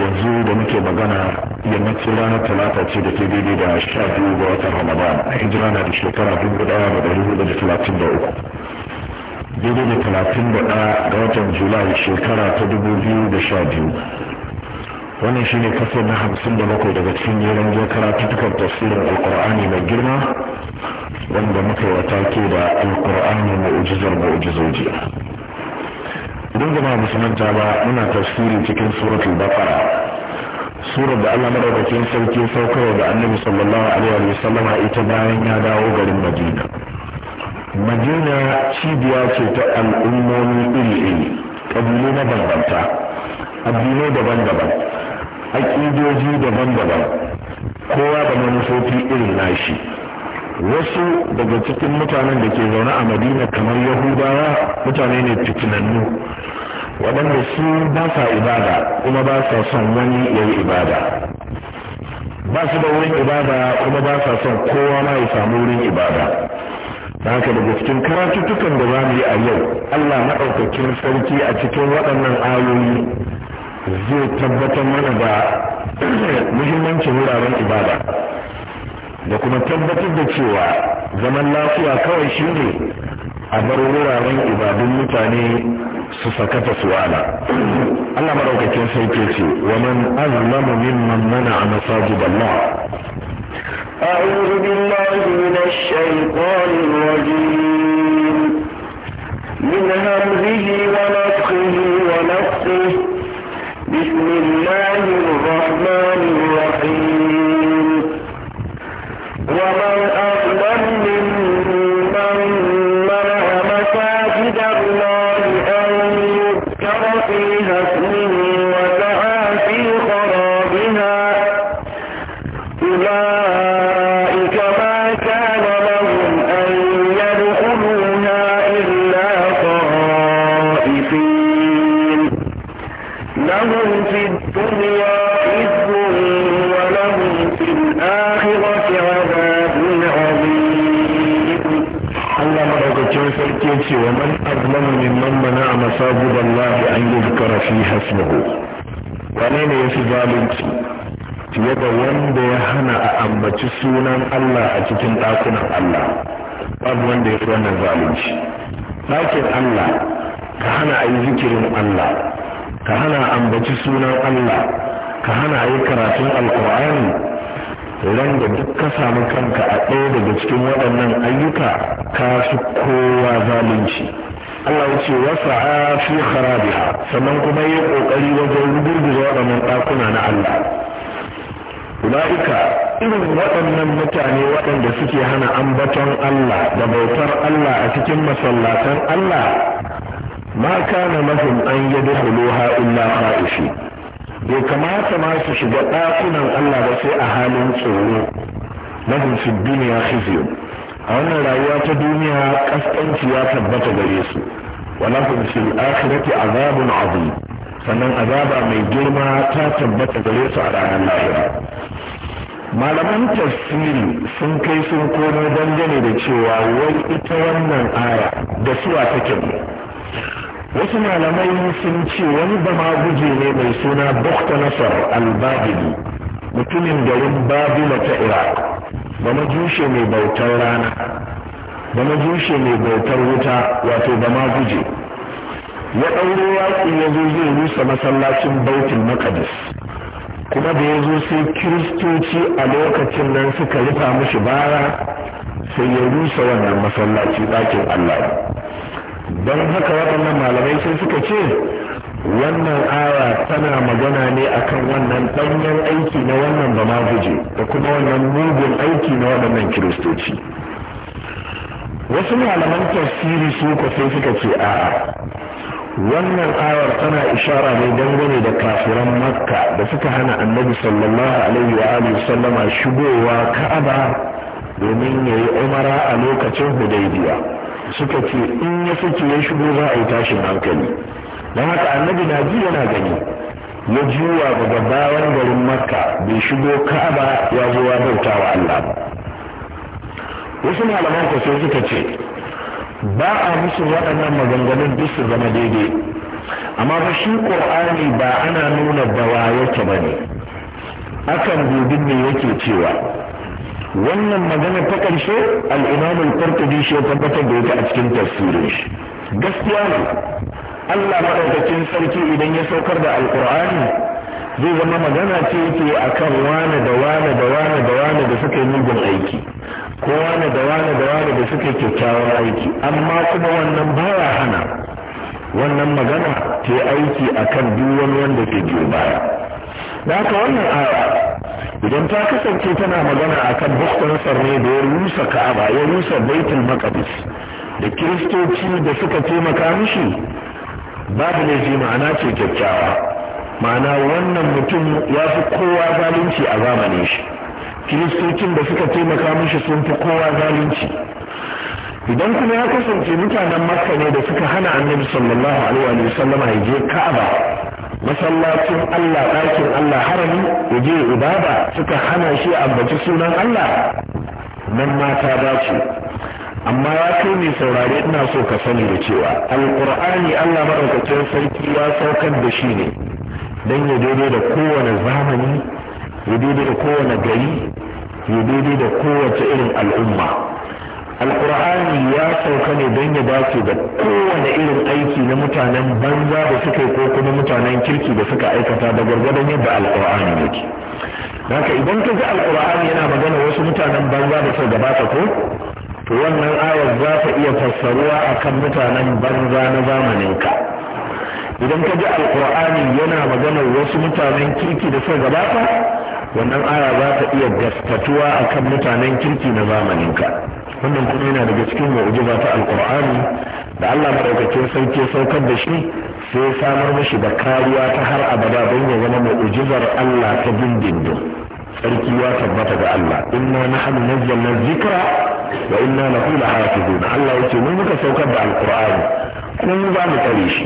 yanzu da muke magana yammacin ranar talata ce da ke daidai da sha biyu ga watan ramadan a hijira na da shekara dubu daya da dari hudu da talatin da uku daidai da talatin da daya ga watan julai shekara ta dubu biyu da sha biyu wannan shine kasar na hamsin da bakwai daga cikin jeren jiyar karatuttukan tafsirin alkur'ani mai girma wanda muka yi wa take da alkur'ani mai ujizoji idan jama'a musulunta ba muna tafsiri cikin suratul baqara surar da Allah madaukakin sarki saukarwa da annabi sallallahu alaihi wa sallama ita bayan ya dawo garin Madina Madina cibiya ce ta al'ummomi iri-iri kabilu mabambanta addinai daban-daban aƙidoji daban-daban kowa da manufofi irin nashi wasu daga cikin mutanen da ke zaune a madina kamar yahudawa mutane ne fitinannu waɗanda su ba sa ibada kuma ba sa son wani ya yi ibada ba su da wurin ibada kuma ba sa son kowa ma ya samu wurin ibada da haka daga cikin karatuttukan da za mu yi a yau allah maɗaukacin sarki a cikin waɗannan ayoyi zai tabbatar mana da muhimmancin wuraren ibada da kuma tabbatar da cewa zaman lafiya kawai shi ne a bar wuraren ibadun mutane su sakata su wala Allah maraukakin sai ke ce wa man azlamu mimman mana'a masajid Allah أعوذ بالله من الشيطان الرجيم من همزه ونفخه ونفخه بسم الله الرحمن ومن أن أظلم ممن منع مساجد الله أن يذكر فيها اسمه ونين zalunci? fiye da wanda ya hana a ambaci sunan Allah a cikin ɗakunan Allah babu wanda ya fi wannan zalunci ɗakin Allah ka hana a yi zikirin Allah ka hana a ambaci sunan Allah ka hana a yi karatun alkur'ani randa duk ka samu kanka a ɗaya daga cikin waɗannan ayyuka ka fi kowa zalunci Allah ya ce wasa'a fi kharabiha sannan kuma yi kokari wajen gurgurza waɗannan ɗakuna na Allah ulaika irin waɗannan mutane waɗanda suke hana ambaton Allah da bautar Allah a cikin masallatan Allah ma kana mahim an yadkhuluha illa khaifi bai kamata ma su shiga ɗakunan Allah ba sai a halin tsoro lahum fi dunya a wannan rayuwa ta duniya kaskanci ya tabbata gare su ولهم في الآخرة عذاب عظيم sannan azaba mai girma ta tabbata gare su a ranar lahira malaman tafsiri sun kai sun komo dangane da cewa wai ita wannan aya da suwa take ne wasu malamai sun ce wani bama guje ne mai suna bukta nasar albabili mutumin garin babila ta iraq ba majushe mai bautar rana da majushe mai bautar wuta wato da maguje ya ɗauro yaƙi ya zo zai rusa masallacin bautin makadis kuma da ya zo sai kiristoci a lokacin nan suka rufa mashi bara sai ya rusa wannan masallaci ɗakin allah don haka waɗannan malamai sai suka ce wannan aya tana magana ne akan wannan ɗanyen aiki na wannan da maguje da kuma wannan mugun aiki na waɗannan kiristoci wasu malaman tafsiri su ku sai suka ce a'a wannan ayar tana ishara ne dangane da kafiran makka da suka hana annabi sallallahu alaihi wa alihi sallama shigowa ka'aba domin ya yi umara a lokacin hudaybiya suka ce in ya fice ya shigo za a yi tashin hankali don haka annabi na ji yana gani ya juwa daga bayan garin makka bai shigo ka'aba ya zo ya bautawa allah ba wasu malaman ku sai suka ce ba a musu waɗannan maganganun duk su zama daidai amma ba shi ƙur'ani ba ana nuna bawa yake ba ne akan dubi me yake cewa wannan magana ta ƙarshe al'imamin al-qurtubi shi ya tabbatar da ita a cikin tafsirin shi gaskiya ne Allah maɗaukacin sarki idan ya saukar da alƙur'ani zai zama magana ce yake a kan wane da wane da wane da wane da suka yi mugun aiki ko wane da wani da wani da suke kyakkyawan aiki amma kuma wannan baya hana wannan magana ta aiki akan duk wani wanda ke biyo baya da haka wannan aya idan ta kasance tana magana akan bukkar ne da ya rusa ka'aba ya rusa baitul maqdis da kiristoci da suka taimaka mishi babu ji ma'ana ce kyakkyawa ma'ana wannan mutum ya fi kowa zalunci a zamanin shi kiristocin da suka taimaka mishi sun fi kowa zalunci idan kuma ya kasance mutanen makka ne da suka hana annabi sallallahu alaihi wa sallam a je ka'aba masallacin Allah ɗakin Allah harami ya je ibada suka hana shi ambaci sunan Allah nan mata dace amma ya kai mai saurare ina so ka sani da cewa Alkur'ani Allah madaukakin sarki ya saukar da shi ne dan ya daidai da kowane zamani ya daidai da kowane gari ya daidai da kowace irin al'umma alkur'ani ya sauka ne don ya dace da kowane irin aiki na mutanen banza da suka yi ko kuma mutanen kirki da suka aikata da gwargwadon yadda alkur'ani yake haka idan ka ji alkur'ani yana magana wasu mutanen banza da suka gabata ko to wannan ayar za ta iya fassaruwa akan mutanen banza na zamaninka idan ka ji alkur'ani yana magana wasu mutanen kirki da suka gabata wannan aya za ta iya gaskatuwa akan mutanen kirki na zamaninka wannan kuma yana daga cikin mu'ujiza ta alkur'ani da Allah madaukakin sauke saukar da shi sai samar mashi da kariya ta har abada don ya zama mu'ujizar Allah ta dindindin sarki ya tabbata ga Allah inna nahnu nazzalna dhikra wa inna lahu lahafizun Allah ce mun muka saukar da kuma kun za mu tsare shi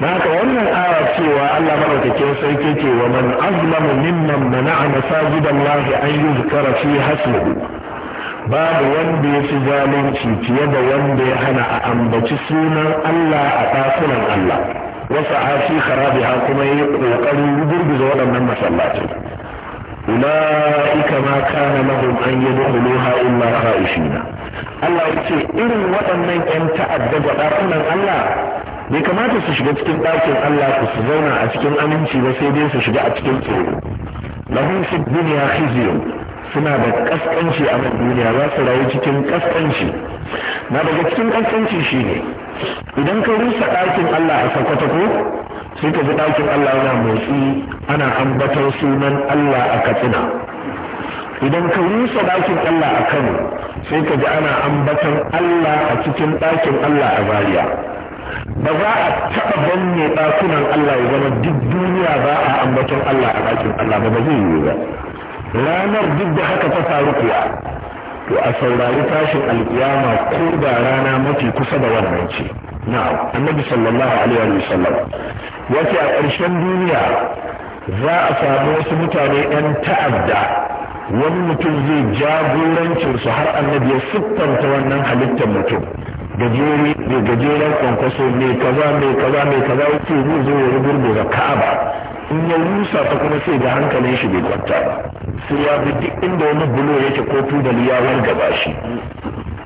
na haka wannan aya cewa Allah madaukakin sarki ke wa man azlamu mimman mana'a masajidallahi an yuzkara fi hasmuhu babu wanda ya fi zalunci fiye da wanda ya hana a ambaci sunan Allah a ɗakunan Allah wasu a fi kharabiha kuma ya yi ƙoƙarin gurguza waɗannan masallacin. ula'ika ma kana lahum an yadkhuluha illa na. Allah ya ce irin waɗannan 'yan ta'adda ga ɗakunan Allah bai kamata su shiga cikin ɗakin Allah ku su zauna a cikin aminci ba sai dai su shiga a cikin tsoro lahum fi dunya khizyun suna da kaskanci a nan duniya za su rayu cikin kaskanci na daga cikin kaskanci ne. idan ka rusa ɗakin Allah a sakwata ko sai ka ji ɗakin Allah yana motsi ana ambatar sunan Allah a katsina idan ka rusa ɗakin Allah a Kano sai ka ji ana ambatar Allah a cikin ɗakin Allah a Zariya. ba za a taɓa banne ɗakunan Allah ya zama duk duniya ba a ambatar Allah a ɗakin Allah ba ba zai yi ba ranar duk da haka ta faru kuwa to a saurari tashin alkiyama ko da rana mafi kusa da wannan ce na'am annabi sallallahu alaihi wa sallam Wace a ƙarshen duniya za a samu wasu mutane yan ta'adda wani mutum zai jagorancin su har annabi ya siffanta wannan halittar mutum gajere mai gajeren kwankwaso mai kaza mai kaza mai kaza zai zo ya rubuta ka'aba in ya rusa ta kuma sai da hankalin shi bai kwanta ba sai ya bi duk inda wani bulo yake ko da ya ba shi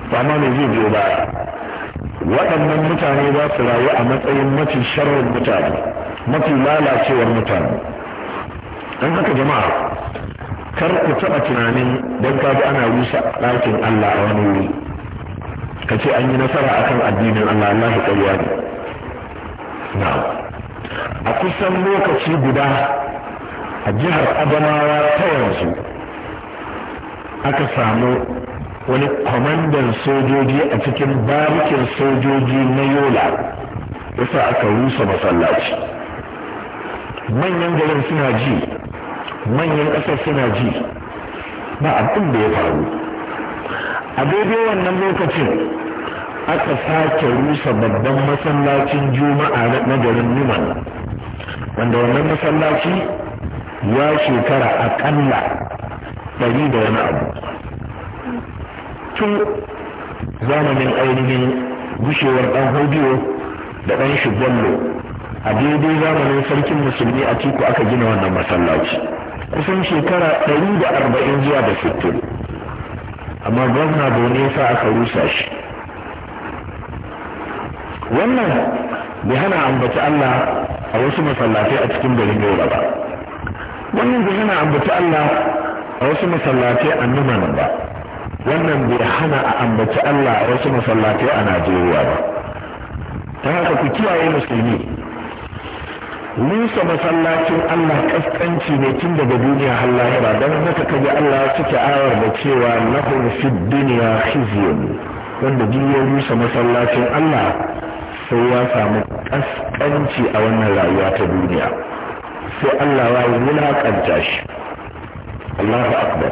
ba ma mai zai biyo baya waɗannan mutane za su rayu a matsayin mafi sharrin mutane mafi lalacewar mutane don haka jama'a kar ku taɓa tunanin don kaji ana rusa ɗakin Allah a wani wuri ka ce an yi nasara akan addinin Allah Allah ya ƙarya ne na'am a kusan lokaci guda a jihar adamawa ta yanzu aka samu wani kwamandan sojoji a cikin barikin sojoji na yola yasa aka rusa masallaci manyan garin suna ji manyan ƙasar suna ji ba abin da ya faru a daidai wannan lokacin aka sake rusa babban masallacin juma'a na garin Yuman wanda wannan masallaci ya shekara akalla ɗari da wani abu tun zamanin ainihin gushewar ɗan hodiyo da ɗan shigallo a daidai zamanin sarkin musulmi a tiku aka gina wannan masallaci kusan shekara ɗari da arba'in zuwa da sittin amma gwamna da ya sa aka rusa shi wannan bai hana ambaci Allah a wasu masallatai a cikin garin Yola ba wannan bai hana ambaci Allah a wasu masallatai a Numan ba wannan bai hana ambaci Allah a wasu masallatai a Najeriya ba ta haka ku kiyaye musulmi rusa masallacin Allah kaskanci ne tun daga duniya har lahira don haka kaji Allah ya cike ayar da cewa lahum fid dunya khizyun wanda duk ya rusa masallacin Allah sai ya samu kaskanci a wannan rayuwa ta duniya sai Allah ya wulaƙanta shi Allahu akbar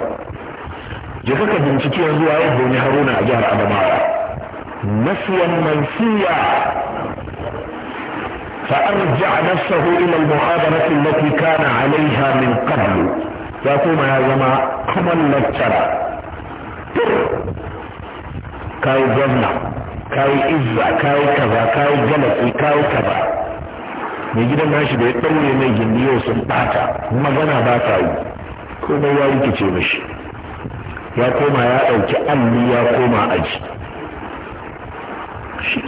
je kaka bincike yanzu waye Bani Haruna a jihar Adamawa nasiyan mansiya فأرجع نفسه إلى المحاضرة التي كان عليها من قبل يقوم يا جماعة كما لترى كاي جنة kayi izza kayi kaza kayi galaki kayi kaza mai gidan nashi da ya ɗaure mai gindi yau sun ɓata magana ba ta yi komai ya rikice mashi ya koma ya ɗauki alli ya koma aji shi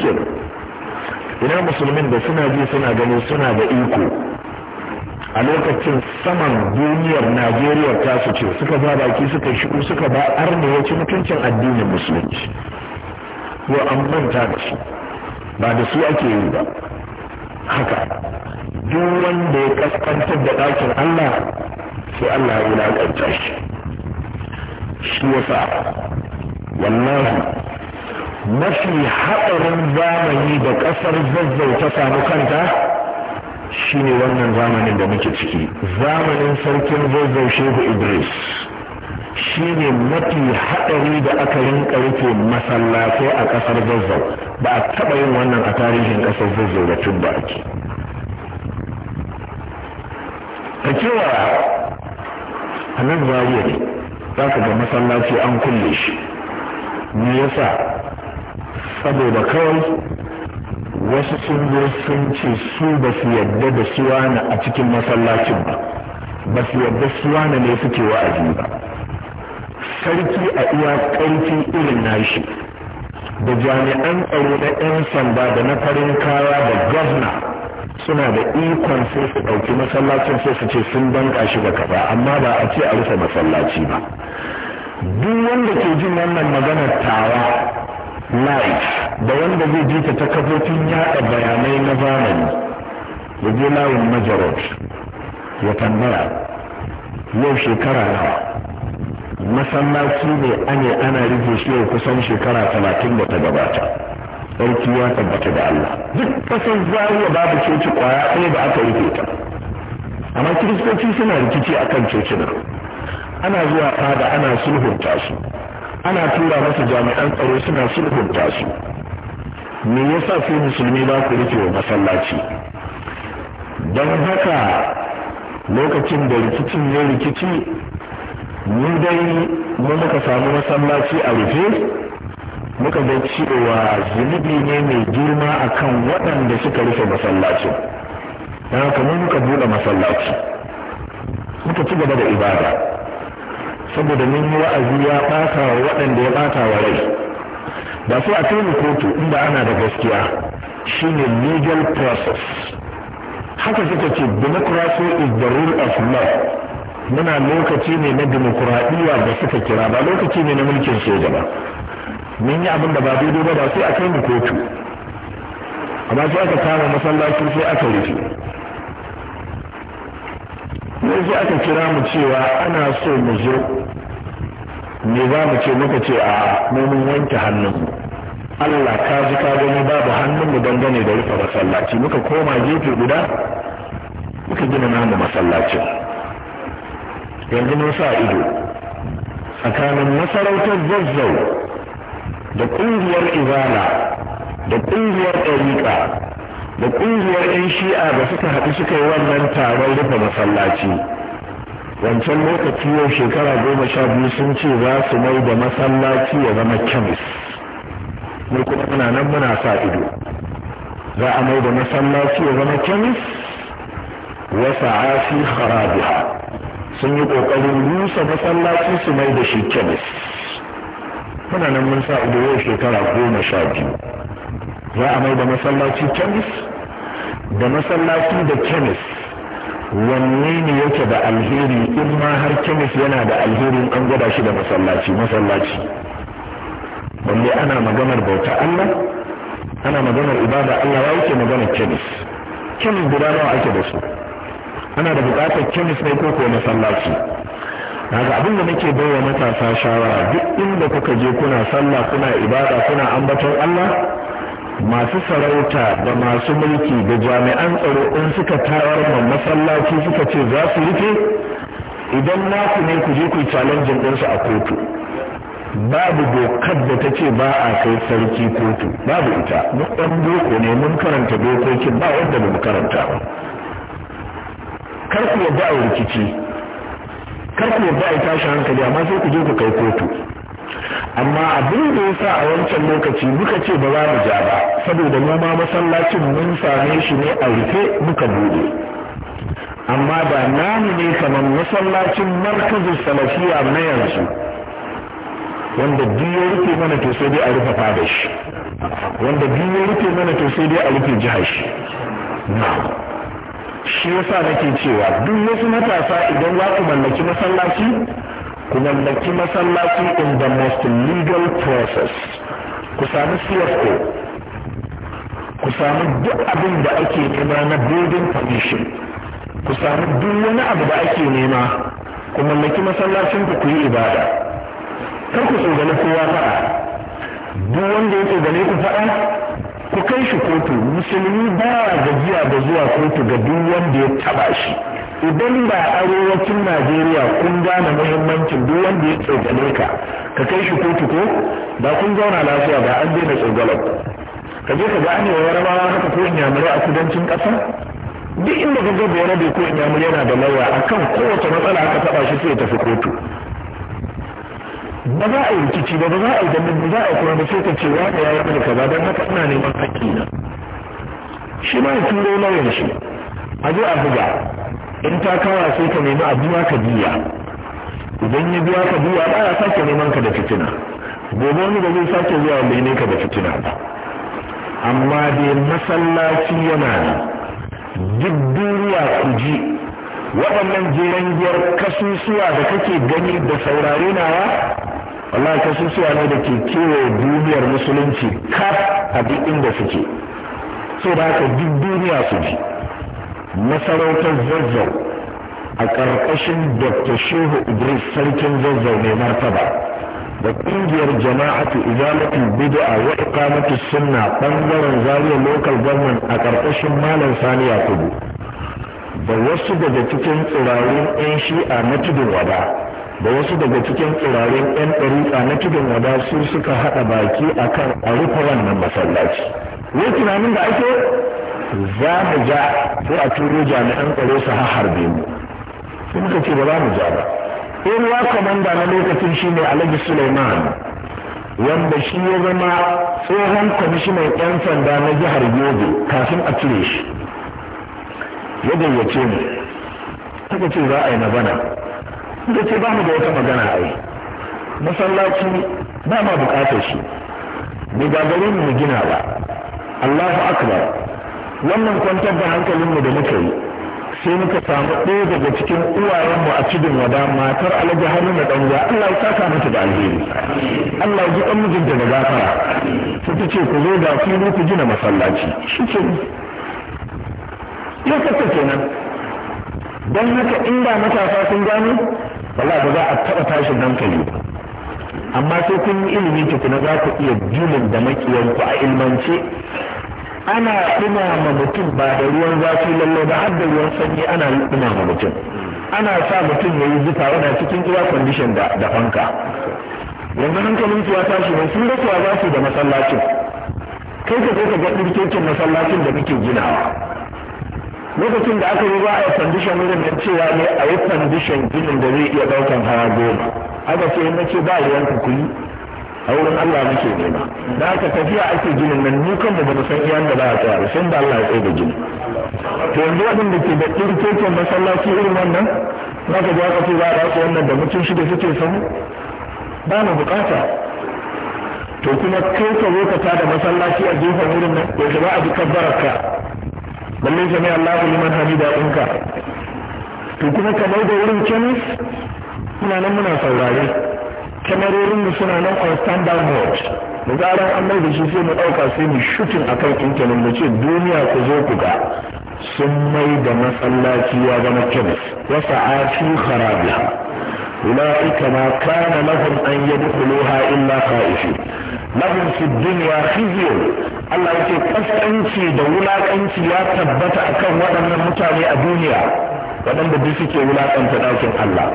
ina musulmin da suna ji suna gani suna da iko a lokacin saman duniyar najeriya ta su ce suka ba baki suka shigo suka ba arna ya ci mutuncin addinin musulunci ko an manta da su ba da su ake yi ba haka duk wanda ya kaskantar da ɗakin Allah sai Allah ya wulaƙanta shi shi yasa wallahi mafi haɗarin zamani da ƙasar zazzau ta samu kanta shine wannan zamanin da muke ciki zamanin sarkin zazzau shehu idris shine mafi haɗari da aka rinka rufe masallatai a ƙasar zazzau ba a taɓa yin wannan a tarihin ƙasar zazzau da tun ba ake ka cewa a nan zariya ne za ka ga masallaci an kulle shi me yasa saboda kawai wasu sun zo sun ce su ba su yadda da suwana a cikin masallacin ba ba su yadda suwana ne suke wa'azi ba sarki a iya ƙarfi irin nashi da jami'an tsaro na 'yan sanda da na farin kaya da gwamna suna da ikon sai su ɗauki masallacin sai su ce sun banka shi da kaba amma ba a ce a rufe masallaci ba duk wanda ke jin wannan maganar tawa live da wanda zai ji ta kafofin yaɗa bayanai na zamani ya je layin majarot ya tambaya yau shekara nawa masallaci ne ane ana rufe shi yau kusan shekara talatin da ta gabata sarki ya tabbata da Allah duk kasan zariya babu coci kwaya ɗaya da aka rufe ta amma kiristoci suna rikici akan cocina ana zuwa fada ana sulhunta su ana tura masa jami'an tsaro suna sulhunta su me yasa ku musulmi ba ku rufe wa masallaci don haka lokacin da rikicin ya rikici mu dai mu muka samu masallaci a rufe muka ga cewa zunubi ne mai girma a kan waɗanda suka rufe masallacin don haka mu muka buɗe masallaci muka ci gaba da ibada saboda mun yi wa'azi ya ɓata wa waɗanda ya ɓata wa rai ba su a kai kotu inda ana da gaskiya shine legal process haka suka ce democracy is the rule of law muna lokaci ne na dimokuraɗiyya da suka kira ba lokaci ne na mulkin soja ba mun yi abin da ba daidai ba ba sai a kai mu kotu amma sai aka kama masallaci sai aka rufe sai aka kira mu cewa ana so mu zo me za mu ce muka ce a mun wanke hannunmu Allah ka ji ka gani babu hannunmu dangane da rufe masallaci muka koma gefe guda muka gina namu masallacin yanzu mun sa ido tsakanin masarautar zazzau da ƙungiyar Ibala da ƙungiyar ɗariƙa da ƙungiyar 'yan shi'a da suka haɗu suka yi wannan taron rufe masallaci wancan lokaci yau shekara goma sha biyu sun ce za su mai da masallaci ya zama kemis mu kuma muna nan muna sa ido za a mai da masallaci ya zama kemis wa Asi harabiha. sun yi ƙoƙarin rusa masallaci su mai da shi kemis muna nan mun sa ido yau shekara goma sha biyu za a mai da masallaci kemis da masallaci da kemis wanne ne yake da alheri in ma har kemis yana da alherin an gwada shi da masallaci masallaci balle ana maganar bauta Allah ana maganar ibada Allah wa wuce maganar kemis kemis guda nawa ake da su ana da buƙatar kemis ne ko ko masallaci daga abin da nake wa matasa shawara duk inda kuka je kuna sallah kuna ibada kuna ambaton Allah masu sarauta da masu mulki da jami'an tsaro in suka tawar ma masallaci suka ce za su rufe idan ku ne ku je ku yi din ɗinsu a kotu babu dokar da ta ce ba a kai sarki kotu babu ita mu ɗan boko ne mun karanta dokokin ba wanda mu karanta ba kar ku yadda a rikici kar ku yadda a tashi hankali amma sai ku je ku kai kotu amma abin da ya sa a wancan lokaci muka ce ba za mu ja ba saboda noma ma masallacin mun same shi ne a rufe muka bude amma da namu ne kamar masallacin markazin salafiya na yanzu wanda biyu ya rufe mana to sai dai a rufe fada shi wanda duk ya rufe mana to sai dai a rufe jihar shi na'am shi yasa nake cewa duk wasu matasa idan za ku mallaki masallaci ku mallaki masallaci in the most legal process ku sami CFO ku sami duk abin da ake nema na building permission ku sami duk wani abu da ake nema ku mallaki masallacin ku ku yi ibada kar ku tsogale kowa faɗa duk wanda ya tsogale ku faɗa ku kai shi kotu musulmi baya gajiya da zuwa kotu ga duk wanda ya taba shi idan ba arewacin najeriya kun gane muhimmancin duk wanda ya tsogale ka ka kai shi kotu ko ba kun zauna lafiya ba an daina tsogalar ka je ka ga an yawa rabawa haka ko inyamurai a kudancin ƙasa duk inda ka ga bayanai ko inyamurai yana da lauya akan kowace matsala aka taba shi sai ya tafi kotu ba za a yi rikici ba ba za a yi dambin ba za a yi kuma ba sai ka ce ya yi mana kaza don haka ina neman haƙƙi na shi ma ya turo na shi a zo a buga in ta kawa sai ka nemi a biya ka biya idan ya biya ka biya ba ya sake neman ka da fitina gobe wani ba zai sake zuwa wanda ne ka da fitina ba amma dai masallaci yana ne duk duniya ku ji waɗannan jeren kasusuwa da kake gani da saurare nawa wallahi kasusuwa ne da ke kewa duniyar musulunci kaf a duk inda suke so da haka duk duniya su ji masarautar zazzau a ƙarƙashin dr shehu idris sarkin zazzau mai martaba da ƙungiyar jama'atu izalatul bid'a wa iqamatu sunna bangaren zariya local government a ƙarƙashin malam saniya kudu da wasu daga cikin tsirarin 'yan shi'a na tudun wada da wasu daga cikin tsirarin 'yan ɗariƙa na tudun wada su suka haɗa baki a kan a wannan masallaci wai tunanin da ake za mu ja ko a turo jami'an tsaro su harbe mu sai muka ce ba za mu ja ba ruwa kwamanda na lokacin shi ne alhaji suleiman wanda shi ya zama tsohon kwamishinan 'yan sanda na jihar yobe kafin a cire shi ya gayyace mu aka ce za a yi na bana. da ce ba mu da wata magana a yi. masallaci ba ma bukatar shi bai gari mu gina ba Allahu akbar wannan kwantar da hankalinmu da muka yi sai muka samu ɗaya daga cikin uwayenmu a cikin wada matar alhaji na ɗanja Allah ya saka mata da alheri Allah ya ji ɗan mijinta da gafara Su ta ce ku zo da fili ku gina masallaci shi ce ya kasa kenan don haka inda matasa sun gano wallahi ba za a taɓa tashin hankali ba amma sai kun yi ilimi kuna za ku iya julin da makiyanku a ilmance ana ma mutum ba da ruwan zafi lalle ba har da ruwan sanyi ana ma mutum ana sa mutum ya yi zufa da cikin air condition da da fanka yanzu hankalin ya tashi ne sun rasuwa za su da masallacin kai ka zo ka ga ɗirkekin masallacin da muke ginawa lokacin da aka yi ba a yi wurin da cewa ne a yi fandishan ginin da zai iya daukan hawa goma aka ce na ce ba ruwan ku kuyi a wurin Allah muke nema da aka tafiya ake ginin nan mu kanmu ba mu san iya da ba a tsaya ba sai da Allah ya tsaye da gini to yanzu da ke da kirkeken masallaci irin wannan na ka ja kafi za a rasu wannan da mutum shida suke samu ba na bukata to kuma kai ka zo ka tada masallaci a gefen wurin nan yaushe ba a ji ka balle sami ku liman hamida ɗinka to kuma kamar da wurin kemis muna nan muna saurare kyamarorin da suna nan on standard mode da zarar an mai da shi sai mu ɗauka sai mu shutin akan kan intanet mu ce duniya ku zo ku ga sun mai da masallaci ya zama kemis wasa a fi kharabiya أولئك ما كان لهم أن يدخلوها إلا خائفين lahum fi dunya khizyun Allah yake ƙasƙanci da wulaƙanci ya tabbata akan waɗannan mutane a duniya waɗanda duk suke wulakanta ɗakin Allah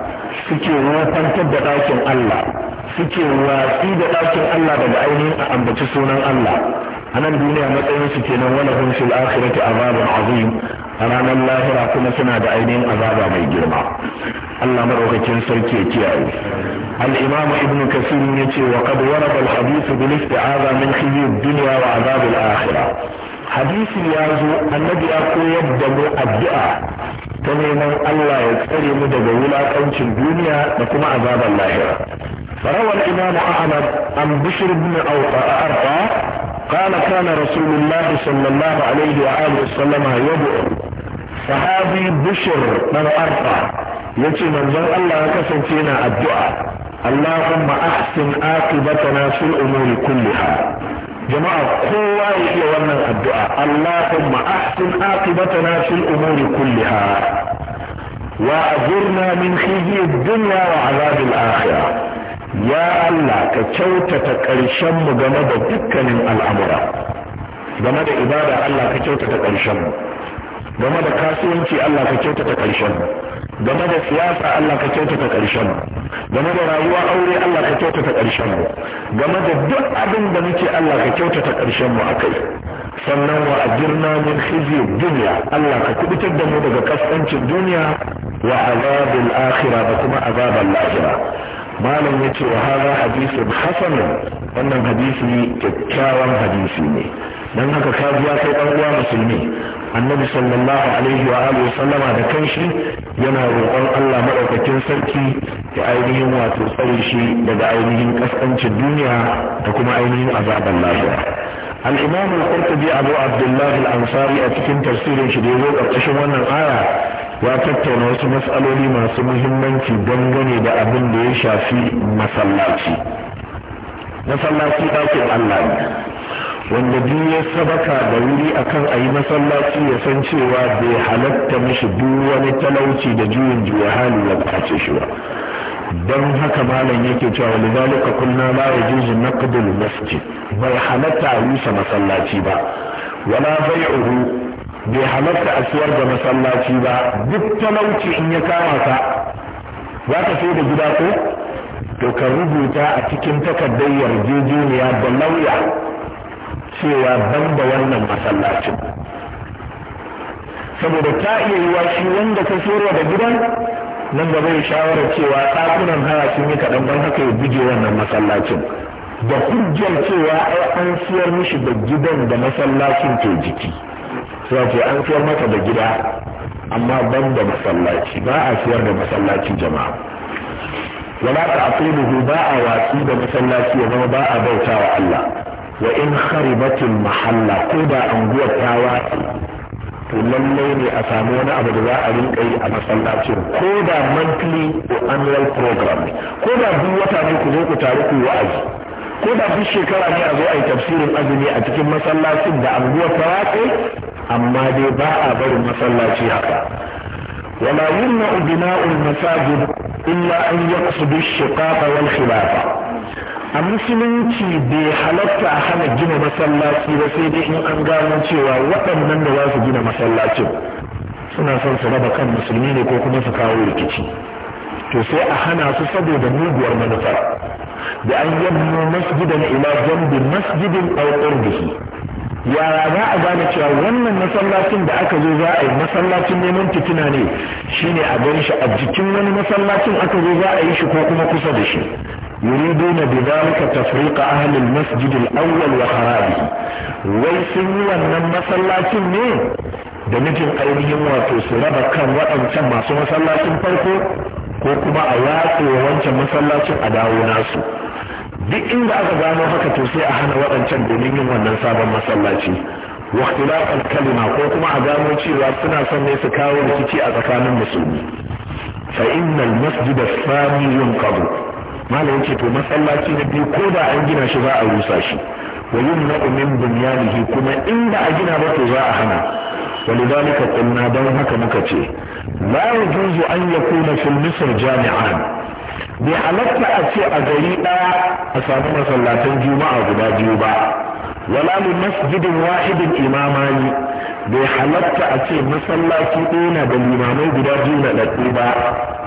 suke wofantar da ɗakin Allah suke watsi da ɗakin Allah daga ainihin a ambaci sunan Allah a nan duniya matsayin su kenan wala hum fil akhirati azabun azim a ranar lahira kuma suna da ainihin azaba mai girma Allah madaukakin sarki ya kiyaye al-imamu ibnu kasir ya ce wa qad warada al-hadith bil isti'aza min khizyi ad-dunya wa azab al-akhirah hadisi ya zo annabi ya koyar da mu addu'a ta neman Allah ya tsare mu daga wulakancin duniya da kuma azabar lahira فروى الامام احمد عن بشر بن ارقى قال كان رسول الله صلى الله عليه واله وسلم يدعو صحابي بشر بن ارقى يجي من الله كسن فينا الدعاء اللهم احسن عاقبتنا في الامور كلها جماعة قوة هي الدعاء اللهم احسن عاقبتنا في الامور كلها واجرنا من خزي الدنيا وعذاب الاخره ya Allah ka kyautata ƙarshenmu game da dukkanin al'amura game da ibada Allah ka kyautata ƙarshenmu game da kasuwanci Allah ka kyautata ƙarshenmu game da siyasa Allah ka kyautata ƙarshenmu game da rayuwa aure Allah ka kyautata ƙarshenmu game da duk abin da muke Allah ka kyautata ƙarshenmu a kai sannan wa ajirna min khizyi dunya Allah ka kubutar da mu daga kaskancin duniya wa azabil akhirah da kuma azabal lahira malam ya ce wa haza hadisin hasanin wannan hadisi kyakkyawan hadisi ne don haka ka biya kai ɗan uwa musulmi annabi sallallahu alaihi wa alihi sallama da kanshi yana roƙon Allah maɗaukakin sarki da ainihin wato tsare shi daga ainihin kaskancin duniya da kuma ainihin azaban lafiya al-imam qurtubi abu abdullahi al-ansari a cikin tafsirin shi da ya zo ƙarƙashin wannan aya ya tattauna wasu matsaloli masu muhimmanci dangane da abin da ya shafi masallaci masallaci ɗakin Allah ne wanda duk ya sabaka da wuri akan ayi yi masallaci ya san cewa bai halatta mishi duk wani talauci da juyin juya hali ya kace shi ba don haka malam yake cewa ka kunna la yajuzu naqdul masjid bai halatta a rusa masallaci ba wala bai'uhu bai halatta a siyar da masallaci ba duk talauci in ya kama ka za ka so da gida ko to ka rubuta a cikin takardar yarjejeniya da lauya cewa ban da wannan masallacin saboda ta iya yiwa shi wanda ka sayarwa da gidan nan gaba ya shawarar cewa ɗakunan haya sun yi kaɗan ban haka ya buge wannan masallacin da hujjar cewa ai an siyar mishi da gidan da masallacin ke jiki sai ce an siyar masa da gida amma ban da masallaci ba a siyar da masallaci jama'a wala ta'tiluhu ba a watsi da masallaci ya zama ba a bauta wa Allah wa in kharibatil mahalla ko da anguwar ta watsi to lallai ne a samu wani abu da za a rinka yi a masallacin ko da monthly or annual program ko da duk wata ne ku zo ku taru ku wa'azi ko da duk shekara ne a zo a yi tafsirin azumi a cikin masallacin da anguwar ta watsi amma dai ba a barin masallaci haka wala yumna bina'ul masajid illa an yaqsudu ash-shiqaq wal khilafa a musulunci bai halatta a hana gina masallaci ba sai dai in an gano cewa waɗannan da za su gina masallacin suna son su raba kan musulmi ne ko kuma su kawo rikici to sai a hana su saboda muguwar manufa da an yabnu masjidan ila jambin masjidin aw qurbihi yara za a gane cewa wannan masallacin da aka zo za a yi masallacin neman fitina ne shine a gani shi a jikin wani masallacin aka zo za a yi shi ko kuma kusa da shi يريدون ahalin masjidin wa المسجد Wai sun yi wannan masallacin ne da nufin ainihin wato su raba kan waɗancan masu masallacin farko ko kuma a yatsa wancan masallacin a dawo nasu duk inda aka gano haka to sai a hana waɗancan domin yin wannan sabon masallaci waktilafan kalima ko kuma a gano cewa suna son ne su kawo rikici a tsakanin musulmi fa innal masjida sami yunqadu malam yace to masallaci na biyu ko da an gina shi za a rusa shi wa yumna'u min bunyanihi kuma inda a gina ba to za a hana ولذلك قلنا دون هكا مكتي لا يجوز أن يكون في مصر جامعان bai halarta a ce a gari ɗaya a samu masallatan juma'a guda biyu ba wala li masjidin wahidin imamani bai halatta a ce masallaci ɗaya na da limamai guda biyu na ɗaɗɗu ba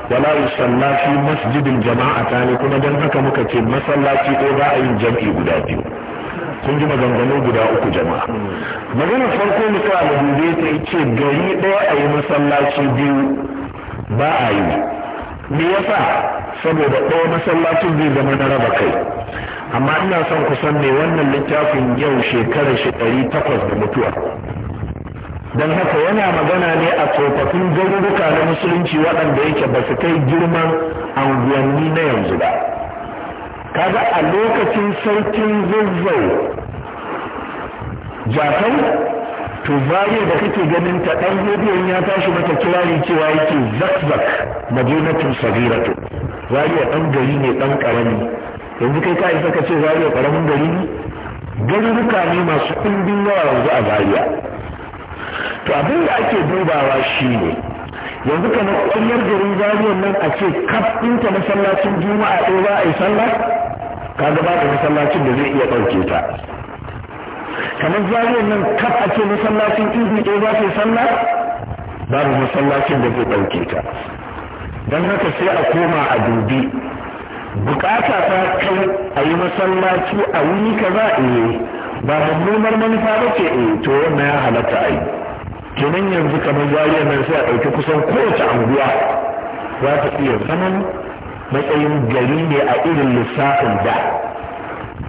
wala yusalla sallafi masjidin jama'a ta ne kuma don haka muka ce masallaci ɗaya ba a yin jam'i guda biyu kun ji maganganu guda uku jama'a maganar farko misali dube ta ce gari ɗaya a yi masallaci biyu ba a yi me yasa saboda ɗaya masallacin zai zama na raba kai amma ina son ku san me wannan littafin yau shekarar shi ɗari takwas da mutuwa don haka yana magana ne a tsofaffin garuruka na musulunci waɗanda yake ba su kai girman anguwanni na yanzu ba kaga a lokacin sarkin zazzau jafai to zariya da kake ganin ta dan rediyon ya tashi mata kirari cewa yake zakzak madinatun sagiratu zariya dan gari ne dan karami yanzu kai ka isa ka ce zariya karamin gari ne garuruka ne masu kundin yawa yanzu a zariya to abin da ake dubawa shi ne yanzu ka na ƙwayar garin zariyar nan a ce kafinta ta masallacin juma'a ɗaya za a yi sallah ka ga ba masallacin da zai iya ɗauke ta kamar zariyar nan kaf ake masallacin izi ɗaya za su yi sallah babu masallacin da zai ɗauke ta don haka sai a koma a dubi bukata ta kai a yi masallaci a wuri kaza eh ba mummunar manufa ba ce eh to wannan ya halatta a yi kenan yanzu kamar zariyar nan sai a ɗauki kusan kowace anguwa za ta iya zaman matsayin gari ne a irin lissafin da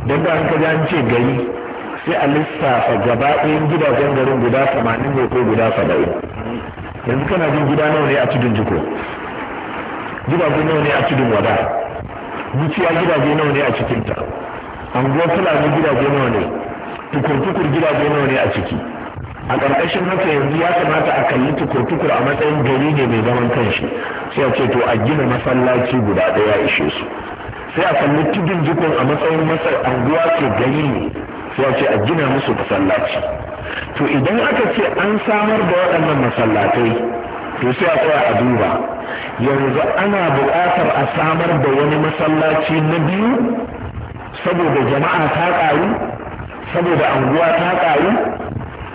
don da an ka ce gari sai a lissafa gaba ɗayan gidajen garin guda tamanin ne ko guda saba'in yanzu kana jin gida nawa ne a tudun jiko gidaje nawa ne a tudun wada zuciya gidaje nawa ne a cikinta anguwar fulani gidaje nawa ne tukur-tukur gidaje nawa ne a ciki a ƙarƙashin haka yanzu ya kamata a kalli tukur-tukur a matsayin gari ne mai zaman kanshi sai a ce to a gina masallaci guda ɗaya ishe su sai a kalli tudun jikon a matsayin masar anguwa ce gari ne ya ce a gina musu masallaci to idan aka ce an samar da waɗannan masallatai to sai a tsaya a duba yanzu ana buƙatar a samar da wani masallaci na biyu saboda jama'a ta ƙaru saboda anguwa ta ƙaru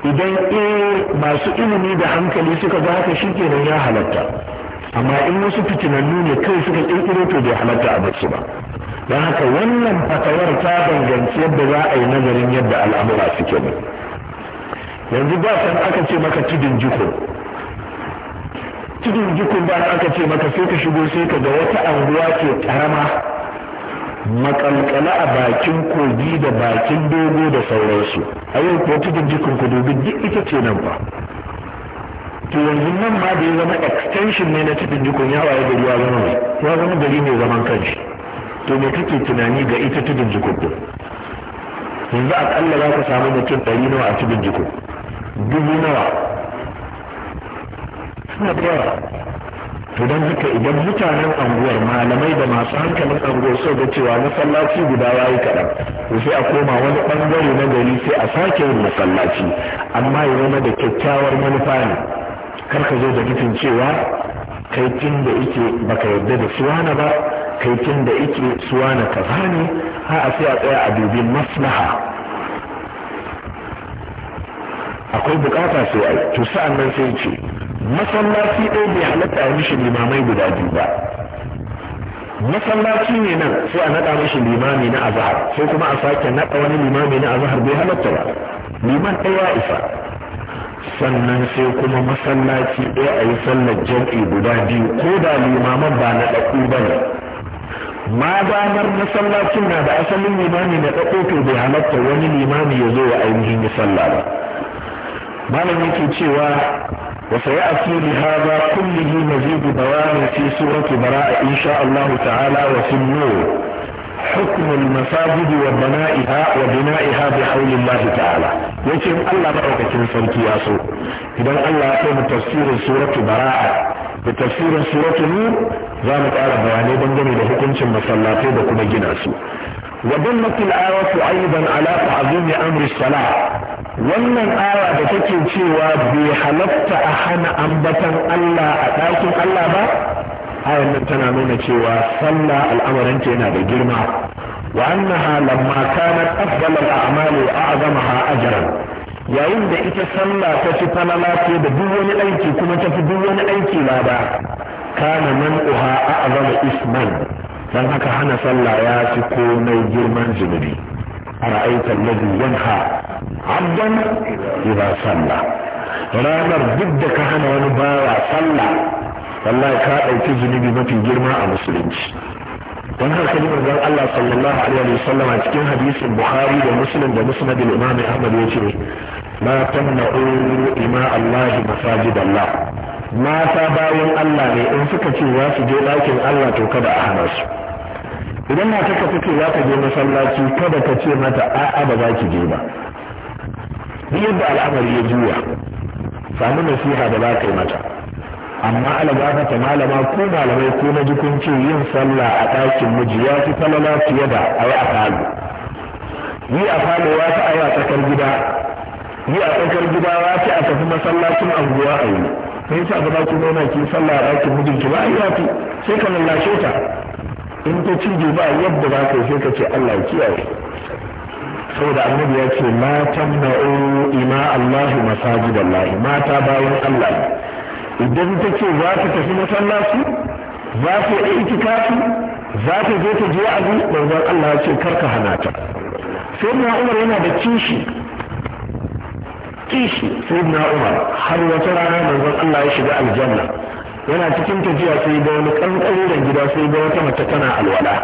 idan eh, masu ilimi da hankali suka ga haka shikenan ya halatta amma in wasu fitinannu ne kai suka ƙirƙiro to bai halatta a ba don haka wannan fatawar ta danganci yadda za a yi nazarin yadda al'amura suke ne yanzu ba san aka ce maka tudun jiko tudun jikon ba aka ce maka sai ka shigo sai ka ga wata anguwa ke karama makalkala a bakin kogi da bakin dogo da sauransu a yau ko tudun jikon ku dubi duk ita ce nan fa. to yanzu nan ma da ya zama extension ne na tudun jikon ya waye gari ya zama mai. ya zama gari mai zaman kanshi to me kake tunani ga ita tudun jikuddu yanzu akalla za ka samu mutum ɗari nawa a cikin jikun dubu nawa suna da yawa to don haka idan mutanen anguwar malamai da masu hankalin anguwar so da cewa masallaci guda ya yi kaɗan sai a koma wani ɓangare na gari sai a sake yin masallaci amma ya zama da kyakkyawar manufa ne kar ka zo da nufin cewa kai tun da yake baka yarda da suwana ba kai kin da ike suwa na kaza ne a sai a tsaya a dubi maslaha akwai bukata sai ai to sa'an nan sai ce masallaci ɗaya bai halatta a mishi limamai guda biyu ba masallaci ne nan sai a naɗa mishi limami na azahar sai kuma a sake naɗa wani limami na azahar bai halatta ba liman ɗaya isa sannan sai kuma masallaci ɗaya a yi sallar jam'i guda biyu ko da limaman ba na ɗaku ba ne ما دام نصلى سنة دا أصل الإمام نتقوط بحالة وان الإمام يزوى أينه نصلى ما لم يكن سوى وسيأتي لهذا كله مزيد دوام في سورة براء إن شاء الله تعالى وفي النور حكم المساجد وبنائها وبنائها بحول الله تعالى يجب الله مدوكتين سلكي ياسو إذا الله يقوم تفسير سورة براءة بتفسير سورة نور ذلك قال بياني بندني لحكم المسلاتين وكما جناسو ودلت الآية أيضا على تعظيم أمر الصلاة wannan aya da take cewa bai halatta a hana ambatan Allah a ɗakin Allah ba ayan nan tana nuna cewa sallah al'amarinta yana da girma wa annaha lamma kanat afdal al'amali wa a'zamaha ajran yayin da ita sallah ta ci falala ce da duk wani aiki kuma ta fi duk wani aiki lada kana man uha a'zama isman dan haka hana sallah ya fi mai girman zunubi ara'aita alladhi yanha abdan idza salla ranar duk da ka hana wani bawa sallah wallahi ka ɗauki zunubi mafi girma a musulunci don haka ne manzon Allah sallallahu alaihi wa sallama cikin hadisin Bukhari da Muslim da Musnad al-Imam Ahmad yace la tamna'u ima Allah masajid Allah mata bayan Allah ne in suka ce za su je ɗakin Allah to kada a hana su idan mata ka fito za ka je masallaci kada ka ce mata a'a ba za ki je ba duk yadda al'amari ya juya samu nasiha da za ka yi mata amma alaba ta malama ko malamai ko na jikun ce yin sallah a ɗakin miji ya fi falala fiye da a yi a falo yi a falo ya fi a yi a tsakar gida yi a tsakar gida ya fi a tafi masallacin anguwa a yi sai sa ba za ki nuna ki sallah a ɗakin mijinki ba a yi fi sai ka lallashe ta in ta cije ba yadda za ka yi sai ka ce Allah ya kiyaye saboda annabi ya ce matan na'u ima Allahu masajid mata bayan Allah idan ta ce za ta tafi masallaci za ta yi itikafi za ta je ta je abu manzon Allah ya ce karka hana ta sai na Umar yana da kishi kishi sai na Umar har wata rana manzon Allah ya shiga aljanna yana cikin tafiya sai da wani kankare gida sai ga wata mace tana alwala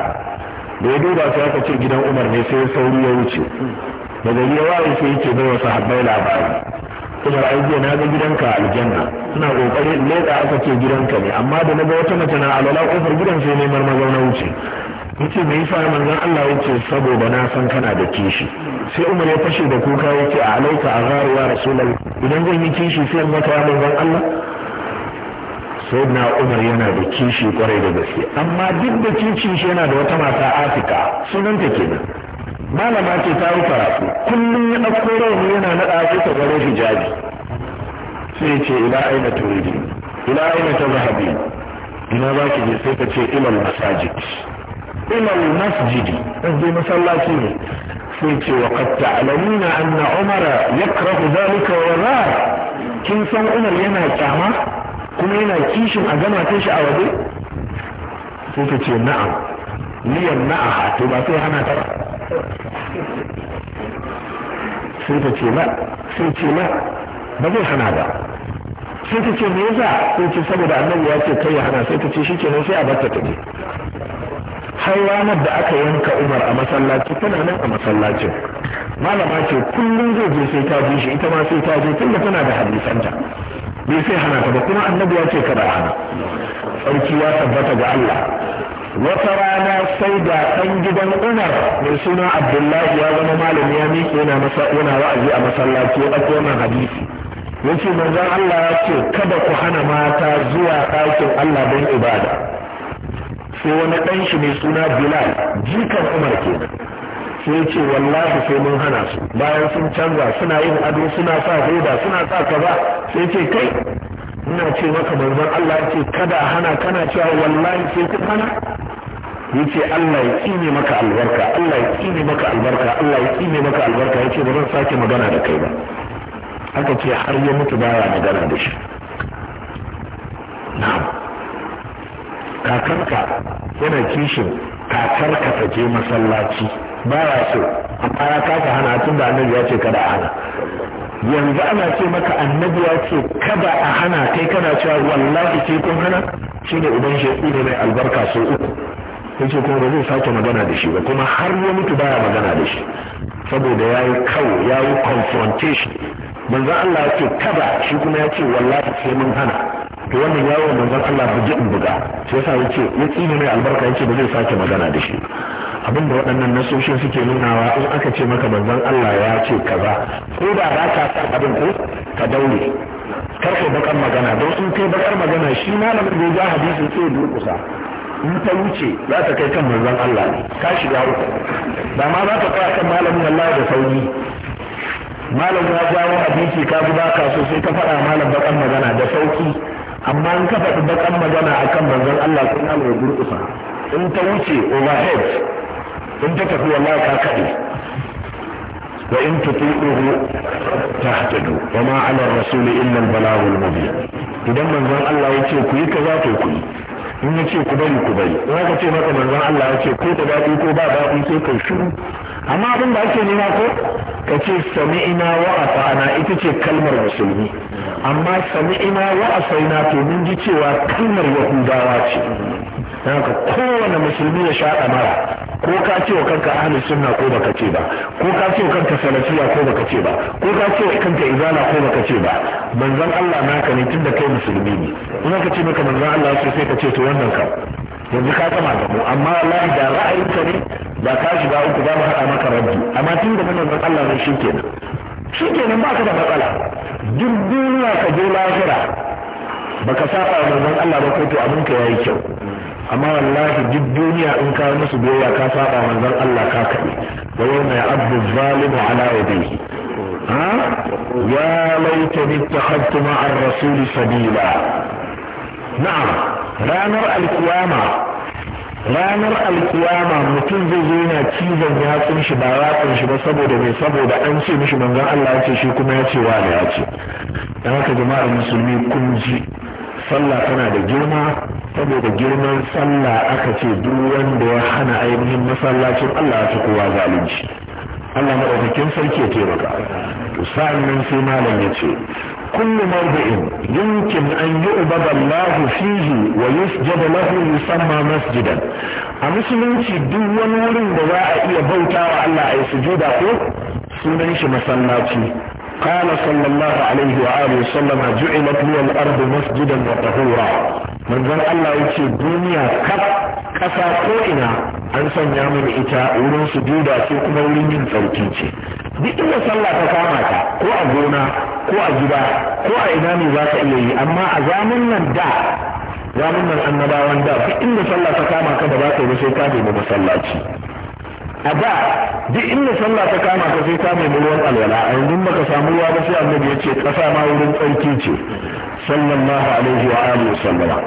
da ya duba sai aka ce gidan umar ne sai sauri ya wuce daga ya waye sai yake bai wa sahabbai labari kuma ai jiya na ga gidanka aljanna suna kokari da aka ce gidanka ne amma da na ga wata mace na alwala kofar gidan sai neman mazauna wuce yace me yasa manzon Allah yace saboda na san kana da kishi sai Umar ya fashe da kuka yace alaika a ya rasulullahi idan zan yi kishi sai maka mata manzon Allah sayyidina Umar yana da kishi kwarai da gaske amma duk da kishin shi yana da wata mata Afika sunanta kenan malama ce ta yi karatu kullum ya ɗauko rauni yana naɗa su ta gare hijabi sai ce ila aina turidi ila aina ta zahabi ina za ki je sai ka ce ilal masajid ilal masjidi ɗan dai masallaci ne sai ce wa qad ta'lamuna anna umara yakrahu zalika wa ra kin san umar yana kyama kuma yana kishin a gama ta shi a waje sai ka ce na'am liyan na'aha to ba sai hana ta ba sai ta ce ba sai ce ba ba zai hana ba sai ta ce me yasa Ko ce saboda annabi ya ce kai ya hana sai ta ce shikenan sai a barta ta ne har ranar da aka yanka Umar a masallaci tana nan a masallacin malama ce kullum zai je sai ta ji shi ita ma sai ta je tunda tana da hadisanta bai sai hana ta ba kuma annabi ya ce kada hana sarki ya tabbata ga Allah wata rana sai da ɗan gidan umar mai suna abdullahi ya zama malami ya miƙe yana masa wa'azi a masallaci ya ɗauko wannan hadisi yace manzon Allah ya ce kada ku hana mata zuwa ɗakin Allah don ibada sai wani ɗan shi mai suna bilal jikan umar kenan sai ce wallahi sai mun hana su bayan sun canza suna yin ado suna sa hoda suna sa kaza sai ce kai ina ce maka manzon Allah ya ce kada hana kana cewa wallahi sai ku hana Ya ce Allah ya tsine maka albarka Allah ya tsine maka albarka Allah ya tsine maka albarka Ya ce ba zan sake magana da kai ba aka ce har ya mutu baya magana da shi na'am kakanka yana kishin kakar ta je masallaci baya so amma ya kasa hana tun da annabi ya ce kada a hana yanzu ana ce maka annabi ya ce kada a hana kai kana cewa wallahi sai kun hana shine uban shaidu ne mai albarka so uku ce kuma ba zai sake magana da shi ba kuma har ya mutu baya magana da shi saboda yi kawo yayi confrontation manzo Allah ya ce kada shi kuma ya ce wallahi sai mun hana to wannan yawon manzon Allah bugi in buga sai yasa yace ya tsine mai albarka yace ba zai sake magana da shi abin da waɗannan nasoshin suke nunawa in aka ce maka manzon Allah ya ce kaza ko da ba ka san abin ko ka daure kar ka bakar magana don in kai bakar magana shi malamin da ya ga hadisin sai ya kusa in ta wuce za ta kai kan manzon Allah ne ka shiga uku ba ma za ka kai kan malamin Allah da sauki malam ya jawo hadisi ka ba ka so sai ka faɗa malam bakan magana da sauki amma in ka faɗi bakan magana kan manzon Allah sun ya gurkusa in ta wuce overhead in ta tafi wa ka kaɗe wa in ta haɗu wa ma 'ala ar-rasuli illa al-balaghul mubin idan manzon Allah ya ce ku yi kaza to ku yi in ya ce ku bari ku bari in aka ce maka manzon Allah ya ce ko da daɗi ko ba daɗi sai kai shiru amma abin da ake nema ko ka ce sami'ina wa ata'ana ita ce kalmar musulmi amma sami'ina wa asaina to mun ji cewa kalmar yahudawa ce don haka kowane musulmi ya sha mara ko ka ce wa kanka ahli sunna ko baka ce ba ko ka ce wa kanka salafiya ko baka ce ba ko ka ce wa kanka izala ko baka ce ba manzon Allah naka ne tunda kai musulmi ne in ka ce maka manzon Allah sai ka ce to wannan ka yanzu ka sama gabo amma wallahi da ra'ayinka ne ba ka shiga uku za mu haɗa maka rabbi amma tun da yanzu Allah ne shi kenan shi ba ka da matsala duk duniya ka je lahira baka saba wa manzon Allah ba kai to abin ka yayi kyau amma wallahi duk duniya in ka musu biyayya ka saba wa manzon Allah ka kai wa yawma ya'abdu zalimu ala yadayhi ha ya laitani ittakhadtu ma'a ar-rasuli sabila na'am ranar alkiyama ranar alkiyama mutum zai zo yana cizon yatsun shi ba yatsun shi ba saboda mai saboda an ce mishi manzon Allah ya ce shi kuma ya ce wa ya ce Da haka jama'ar musulmi kun ji sallah tana da girma saboda girman sallah aka ce duk wanda ya hana ainihin masallacin Allah ya kowa zalunci Allah madaukakin sarki ya taimaka to sa'an nan sai malam ya ce كل موضع يمكن أن يعبد الله فيه ويسجد له يسمى مسجدا أمسلمتي دون ولن دواء إيا بوتا وعلا أي سجودا سننش مسلاتي قال صلى الله عليه وآله وسلم جعلت لي الأرض مسجدا وطهورا من ذن الله يتي الدنيا كف كفا قوئنا أن سنعمل إتاء ولن سجودا في قبول من فوتيتي duk inda sallah ta kama ka ko a gona ko a gida ko a ina ne za ka iya yi amma a zamun nan da zamun nan annabawan da duk inda sallah ta kama ka ba za ka yi ba sai ka nemi masallaci a da duk inda sallah ta kama ka sai ka nemi ruwan alwala a yanzu baka samu ruwa ba sai annabi ya ce kasa ma wurin tsarki ce sallallahu alaihi wa alihi wa sallama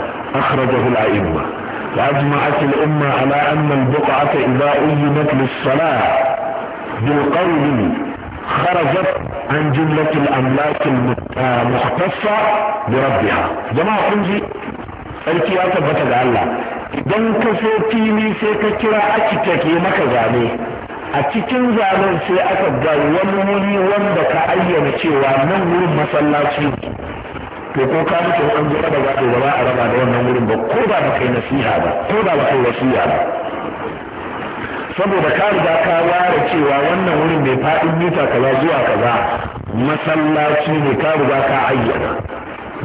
akhrajahu al-a'imma وأجمعت الأمة على أن البقعة إذا أذنت للصلاة بالقول خرجت عن جملة الأملاك المختصة بربها جماعة كنجي sarki ya tabbata ga Allah idan ka so fili sai ka kira architect maka zane a cikin zanen sai aka ga wani wuri wanda ka ayyana cewa nan wurin masallaci to ko ka mutu an zo da gado ba a raba da wannan wurin ba ko da baka yi nasiha ba ko da baka yi wasiya ba saboda ka riga ka ware cewa wannan wurin mai fadin mita kaza zuwa kaza masallaci ne ka riga ka ayyana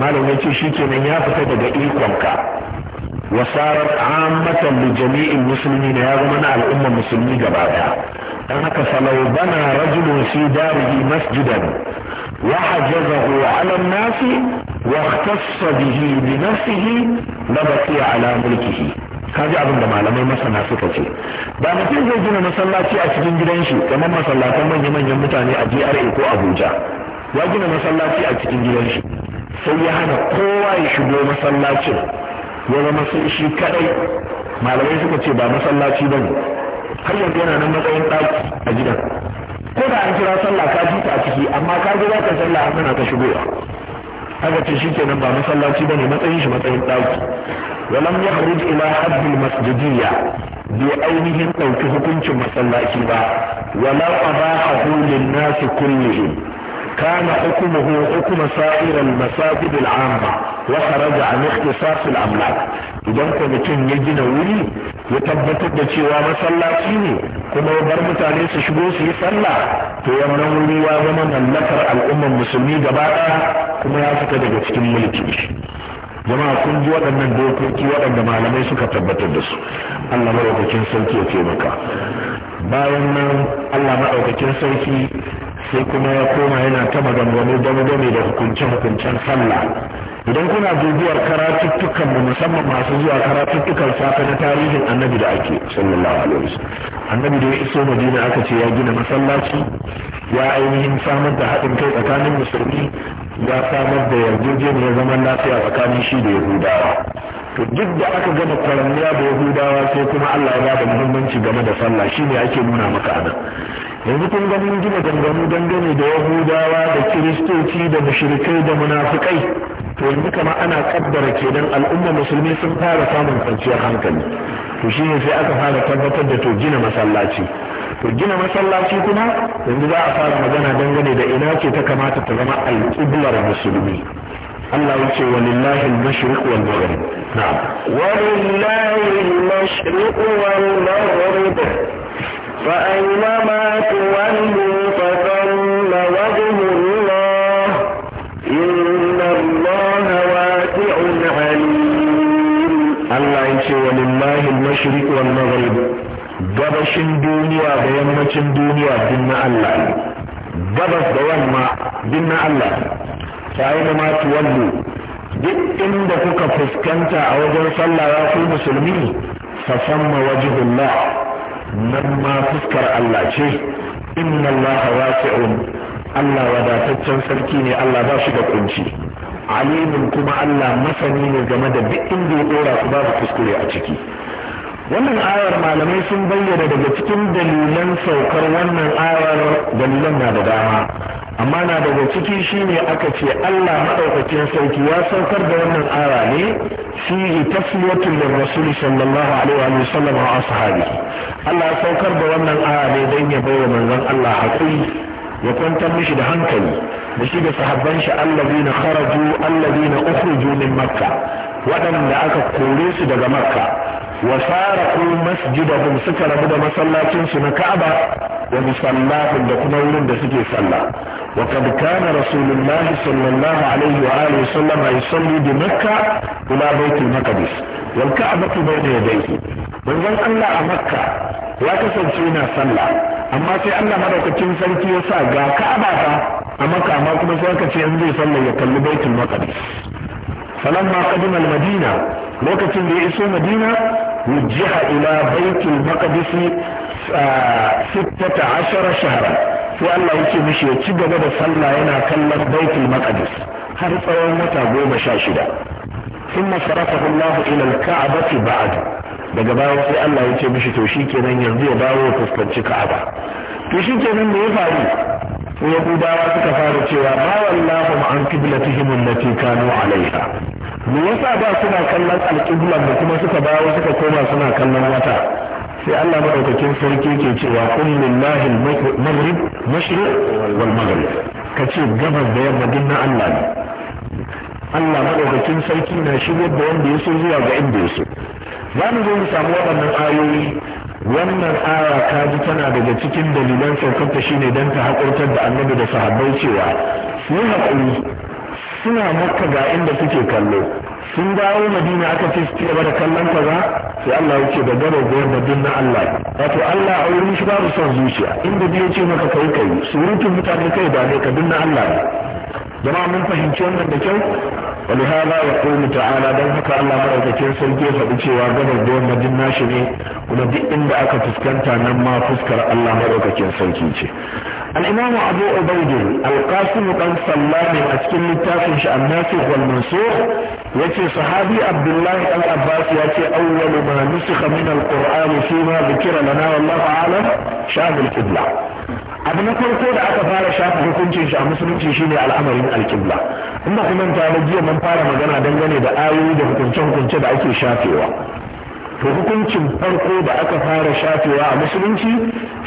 malam yace shikenan ya fita daga ikonka wasarar ammatan li jami'in musulmi ya zama na al'ummar musulmi gaba daya dan haka salaw bana rajulun fi darihi masjidan wa hajazahu ala nasi wa ikhtassa bihi bi nafsihi la ala mulkihi kaji abin da malamai masana suka ce ba mutum zai gina masallaci a cikin gidan shi kamar masallatan manya-manyan mutane a GRA ko Abuja ya gina masallaci a cikin gidan shi sai ya hana kowa ya shigo masallacin ya zama sai shi kadai malamai suka ce ba masallaci bane har yanzu yana nan matsayin ɗaki a gidan ko da an kira sallah ka ji ta ciki amma ka ga zaka sallah amma kana ka shigo haka ce kenan ba masallaci bane matsayin shi matsayin ɗaki ولم يخرج إلى حد المسجدية بعينه أو كهكنش مسلاكي با ولو أباحه للناس كلهم كان حكمه حكم سائر المساجد العامة وخرج عن اختصاص الأملاك إذا كنتم يجينا ولي يتبتد بشيوى مسلاكي kuma ya bar mutane su shigo su yi sallah to wannan wuri ya zama mallakar al'ummar musulmi gaba ɗaya kuma ya fita daga cikin mulki jama'a sun ji waɗannan dokoki waɗanda malamai suka tabbatar da su allah maɗaukakin sarki ya taimaka bayan nan allah maɗaukakin sarki sai kuma ya koma yana ta maganganu game da hukunce-hukuncen sallah idan kuna guguwar karatuttukan mu musamman masu zuwa karatuttukan safe na tarihin annabi da ake sallallahu alaihi wasallam annabi da ya iso madina aka ce ya gina masallaci ya ainihin samar da haɗin kai tsakanin musulmi ya samar da yarjejeniyar zaman lafiya tsakanin shi da yahudawa to duk da aka gama kwaranniya da yahudawa sai kuma allah ya ba da muhimmanci game da sallah shine ake nuna maka ana. yanzu kun ganin gina dangane dangane da yahudawa da kiristoci da mushrikai da munafukai to yanzu kama ana kaddara kenan al'umma musulmi sun fara samun kwanciyar hankali to shi ne sai aka fara tabbatar da to gina masallaci to gina masallaci kuma yanzu za a fara magana dangane da ina ce ta kamata ta zama alƙiblar musulmi الله يقول ولله المشرق والمغرب نعم ولله المشرق والمغرب فأينما تولوا فثم وجه الله إن الله واسع عليم الله يقول ولله المشرق والمغرب gabashin duniya da yammacin duniya din na Allah gabas da yamma din na Allah sai da ma tuwallu duk inda kuka fuskanta a wajen sallah ya ku musulmi fa samma wajhullah nan ma fuskar Allah ce inna Allah wasi'un Allah wadataccen sarki ne Allah ba shi da kunci alimin kuma Allah masani ne game da duk inda ya dora ku babu kuskure a ciki wannan ayar malamai sun bayyana daga cikin dalilan saukar wannan ayar dalilan na da dama amma na daga ciki shine aka ce Allah madaukakin sauki ya saukar da wannan aya ne fi tasliyatul rasul sallallahu alaihi wa sallam wa ashabi Allah ya saukar da wannan aya ne dan ya bayyana manzon Allah hakuri ya kwantar mishi da hankali da shi da sahabban shi allazina kharaju allazina ukhruju min makkah waɗanda aka kore su daga makka wa saraku masjidahum suka rabu da masallacin su na ka'aba wa musallahum da kuma wurin da suke sallah wa kad kana rasulullah sallallahu alaihi wa alihi sallam yusalli bi makka ila baitul maqdis wal ka'batu bayna yadayhi manzon Allah a makka ya kasance yana sallah amma sai Allah madaukakin sarki ya sa ga ka'aba ta a makka amma kuma sai aka ce in zai sallah ya kalli baitul maqdis فلما قدم المدينة لوكة بيئسوا مدينة وجه إلى بيت المقدس آه، ستة عشر شهرا في الله يكي مشي يتشد بدا صلى هنا كلم بيت المقدس هل فهو متى قوم شاشدا ثم صرفه الله إلى الكعبة بعد daga baya sai Allah ya ce mishi to shikenan yanzu ya dawo fuskanci Ka'aba to me ya faru sai yahudawa suka fara cewa ma wallahu an qiblatihim allati kanu alaiha me yasa ba suna kallon alqiblan da kuma suka dawo suka koma suna kallon wata sai Allah madaukakin sarki ke cewa kun lillahi al-maghrib mashriq wal maghrib kace gabas da yamma din na Allah ne Allah madaukakin sarki na shigar da wanda ya so zuwa ga inda ya so za mu zo mu samu waɗannan ayoyi wannan aya ka ji tana daga cikin dalilan saukarta shine don ta haƙurtar da annabi da sahabbai cewa su haƙuri suna makka ga inda suke kallo sun dawo madina aka ce su cigaba da kallon kaza sai Allah ya ce da gaba goyon da dinna Allah wato Allah a wurin shi babu son zuciya inda biyo ce maka kai kai surutun mutane kai ba ne ka dinna Allah ne jama'a mun fahimci wannan da kyau ولهذا يقول تعالى دون هكا الله مرأتكين سلقية فبتشيوا قبل دون مدينة شني ونبدي إن أكا تسكنتا نما فسكر الله مرأتكين سلقية الإمام أبو عبيد القاسم بن سلام أسكن التاسع الناسخ والمنسوخ يأتي صحابي عبد الله العباس يأتي أول ما نسخ من القرآن فيما ذكر لنا والله أعلم شام القبلة abu na farko da aka fara shafa hukuncin shi a musulunci shine al'amarin alkibla inda ba ku manta ba jiya mun fara magana dangane da ayoyi da hukunce-hukunce da ake shafewa to hukuncin farko da aka fara shafewa a musulunci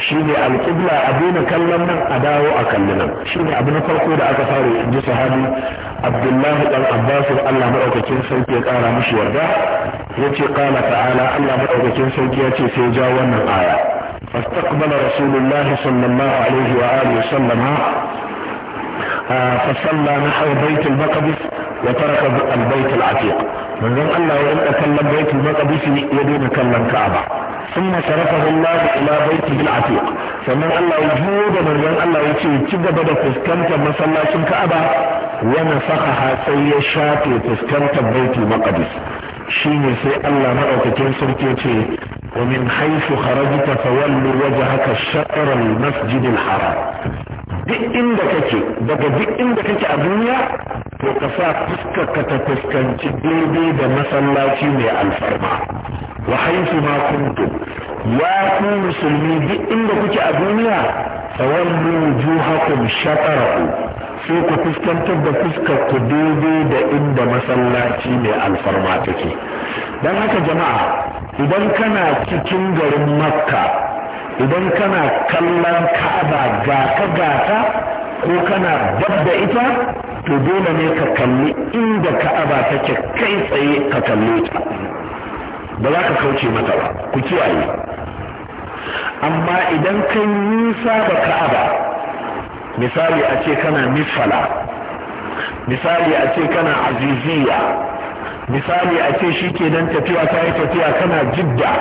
shine alkibla a daina kallon nan a dawo a kalli nan shine abu na farko da aka fara ji sahabi abdullahi dan abbas Allah madaukakin sarki ya kara mishi yarda yace qala ta'ala Allah madaukakin sarki ya ce sai ya ja wannan aya فاستقبل رسول الله صلى الله عليه وآله وسلم آه، فصلى نحو بيت المقدس وترك البيت العتيق من ذن الله وإن أكلم بيت المقدس يدين أكلم كعبة ثم صرفه الله إلى بيته العتيق فمن الله يجود من ذن الله يتي تجد بدا صلى مسلاشن كعبة ونفخها سي شاكي تسكنت بيت المقدس شيني سي الله تنسر سركي ومن حيث خرجت فولوا وجهك الشطر المسجد الحرام duk inda kake daga duk inda kake a duniya to ka sa fuskarka ta fuskanci daidai da masallaci mai alfarma wa haifu ma kuntum ya ku musulmi duk inda kuke a duniya fawallu wujuhakum shatarahu sai ku fuskantar da fuskar ku daidai da inda masallaci mai alfarma take don haka jama'a idan kana cikin garin makka idan kana kallon ka'aba gata gata ko kana dabda ita to dole ne ka kalli inda ka'aba take kai tsaye ka kalle ta ba za ka kauce mata ba ku kiyaye amma idan kai nisa da ka'aba misali a ce kana misfala misali a ce kana aziziya misali a ce shi ke nan tafiya ta yi tafiya kana jidda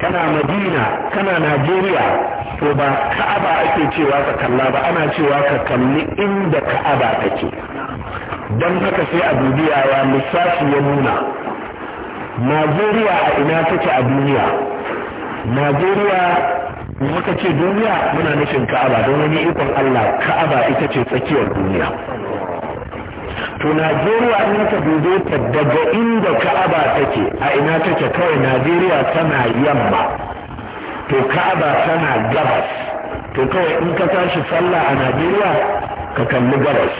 kana madina kana najeriya to ba ka'aba ake cewa ka kalla ba ana cewa ka kalli inda ka'aba take don haka sai a dubi ya lissafi ya nuna najeriya a ina take a duniya najeriya muka ce duniya muna nufin ka'aba don wani ikon Allah ka'aba ita ce tsakiyar duniya to Najeriya in ka ta daga inda ka'aba take a ina take kawai Najeriya tana yamma to ka'aba tana gabas to kawai in ka tashi sallah a Najeriya ka kalli gabas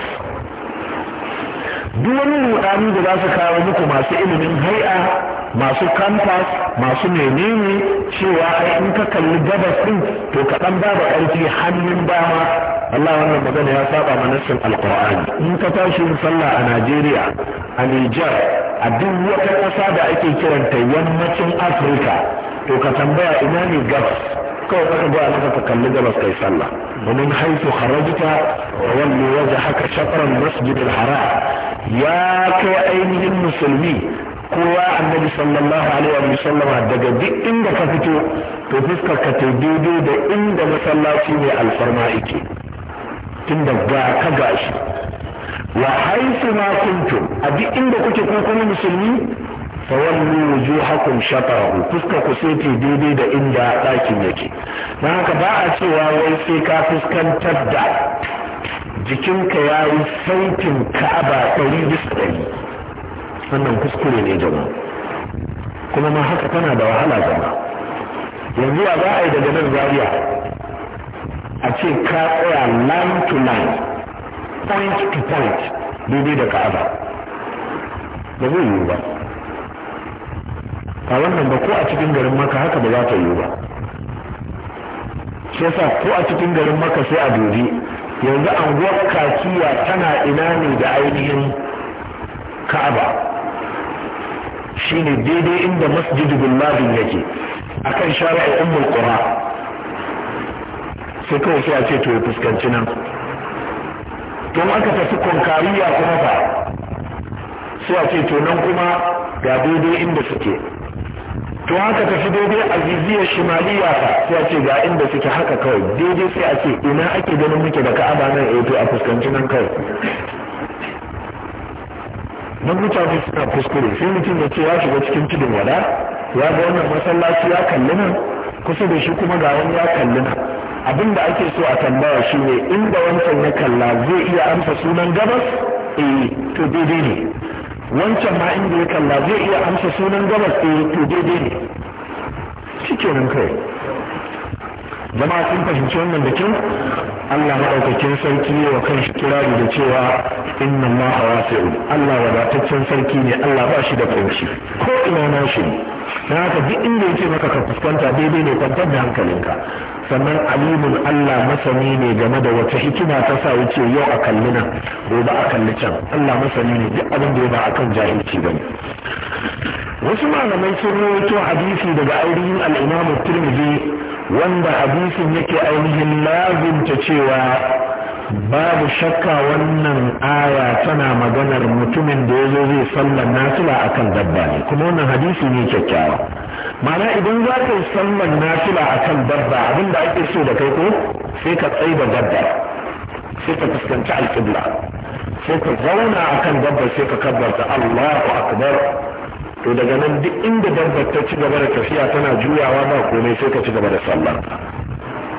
duk wani rudani da za su kawo muku masu ilimin hai'a masu kamfas masu menene cewa ai in ka kalli gabas din to kaɗan babu ƙarfi hannun dama Allah wannan magana ya saba ma nassin alqur'ani in ka tashi yin sallah a Najeriya a Niger a duk wata ƙasa da ake kiranta yammacin Afirka to ka tambaya ina ne gabas kawai ka ga ka kalli gabas kai sallah ومن حيث خرجت وولي وجهك شطر المسجد الحرام يا كأين المسلمي كوا النبي صلى الله عليه وسلم عندك دي إنك كفتو تفسك كتبيدو دي إنك مسلا تيني الفرمائك تندك غا كغاش وحيث ما كنتم أدي إنك كتبو كن مسلمي fawallu wujuhakum shatarahu kuska ku sai daidai da inda ɗakin yake don haka ba a cewa wai sai ka fuskantar da jikinka ya yi saitin ka'aba ɗari bisa ɗari kuskure ne jama kuma ma haka tana da wahala jama yanzu a za a yi daga nan zariya a ce ka tsaya line to line point to point daidai da ka'aba ba zai yiwu ba a wannan ba ko a cikin garin maka haka ba za ta yiwu ba shi yasa ko a cikin garin maka sai a dubi yanzu anguwar kaciya tana ina ne da ainihin ka'aba shine daidai inda masjidu bullabin yake kan shara'a ummul qura sai kawai sai a ce to ya fuskanci nan don aka tafi konkariya kuma fa sai a ce to nan kuma ga daidai inda suke to haka tafi daidai aziziyar shimaliya ta sai a ce ga inda suke haka kawai daidai sai a ce ina ake ganin muke da ka'aba nan eh to a fuskanci nan kawai don mutane suna kuskure sai mutum ya ce ya shiga cikin tudun wada ya ga wannan masallaci ya kalli nan kusa da shi kuma ga wani ya kalli nan abin da ake so a tambaya shi ne inda wancan ya kalla zai iya amsa sunan gabas eh to daidai ne wancan ma inda ya kalla zai iya amsa sunan gabas ɗaya to daidai ne shi kenan kai jama'a sun fahimci wannan da kyau Allah maɗaukakin sarki ne wa kan kirari da cewa inna Allah Allah wadataccen sarki ne Allah ba shi da kunshi ko ina na shi na haka duk inda yake maka ka fuskanta daidai ne kwantar da hankalinka sannan alimun Allah masani ne game da wata hikima ta sa wuce yau a kalli nan gobe a kalli can Allah masani ne duk abin da ya ba a akan jahilci bane wasu malamai sun rawaito hadisi daga ainihin al-Imam wanda hadisin yake ainihin lazimta cewa babu shakka wannan aya tana maganar mutumin da ya zo zai sallar nasila a kan dabba ne kuma wannan hadisi ne kyakkyawa mana idan za ka yi sallar nafila a kan dabba abin da ake so da kai ko sai ka tsai da dabba sai ka fuskanci alƙibla sai ka zauna a kan dabba sai ka kabbarta allahu akbar to daga nan duk inda dabbar ta ci gaba da tafiya tana juyawa ba komai sai ka ci gaba da sallar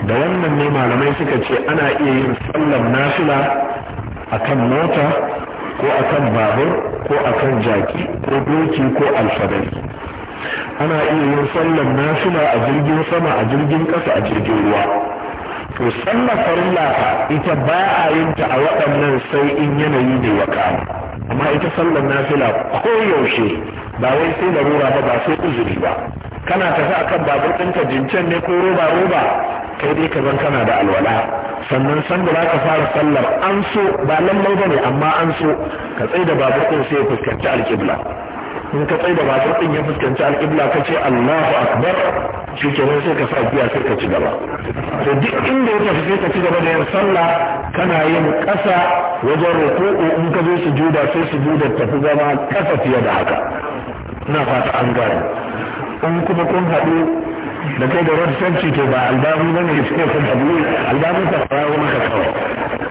da wannan ne malamai suka ce ana iya yin sallar nafila akan mota ko akan babur ko akan jaki ko doki ko alfadari ana iya yin sallar nafila a jirgin sama a jirgin ƙasa a jirgin ruwa to sallar farilla ita ba a yin ta a waɗannan sai in yanayi ne ya kama amma ita sallar nafila koyaushe ba wai sai larura ba ba sai uzuri ba kana tafi akan babur ɗinka jincen ne ko roba roba kai dai ka zan kana da alwala sannan san da ka fara sallar an so ba lallai ba ne amma an so ka tsaye da babur ɗin sai ya fuskanci alƙibla in ka tsaye da babur ya fuskanci alƙibla ka ce Allahu akbar shi kenan sai ka sa biya sai ka ci gaba to duk inda ya tafi sai ka ci gaba da yin sallah kana yin ƙasa wajen ruku'u in ka zo sujuda sai sujudar tafi zama ƙasa fiye da haka ina fata an gane in kuma kun haɗu da kai da sanci to ba albani bane ya suke kun abu albani ta kawo maka kawai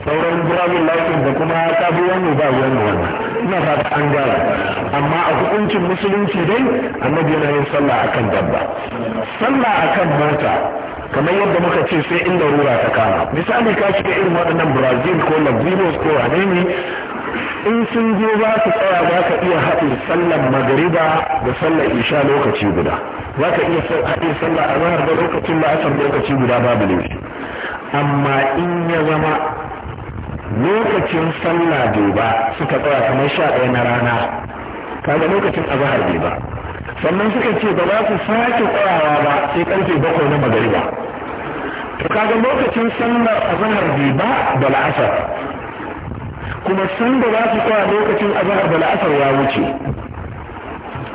sauran burabin lafiya da kuma bi wani ba wani wani ina fata an gara amma a hukuncin musulunci dai annabi yana yin sallah akan dabba sallah akan mota kamar yadda muka ce sai inda ruwa ta kama misali ka shiga irin waɗannan brazil ko lagos ko hanemi in sun zo za su tsaya za ka iya haɗin sallar magariba da sallar isha lokaci guda za ka iya haɗin sallar azahar da lokacin la'asar lokaci guda babu laifi amma in ya zama lokacin sallah bai ba suka tsaya kamar sha ɗaya na rana kaga lokacin azahar bai ba sannan suka ce ba za su sake tsayawa ba sai karfe bakwai na magariba to kaga lokacin sallar azahar bai ba da la'asar kuma sun da za su tsaya lokacin azahar da la'asar ya wuce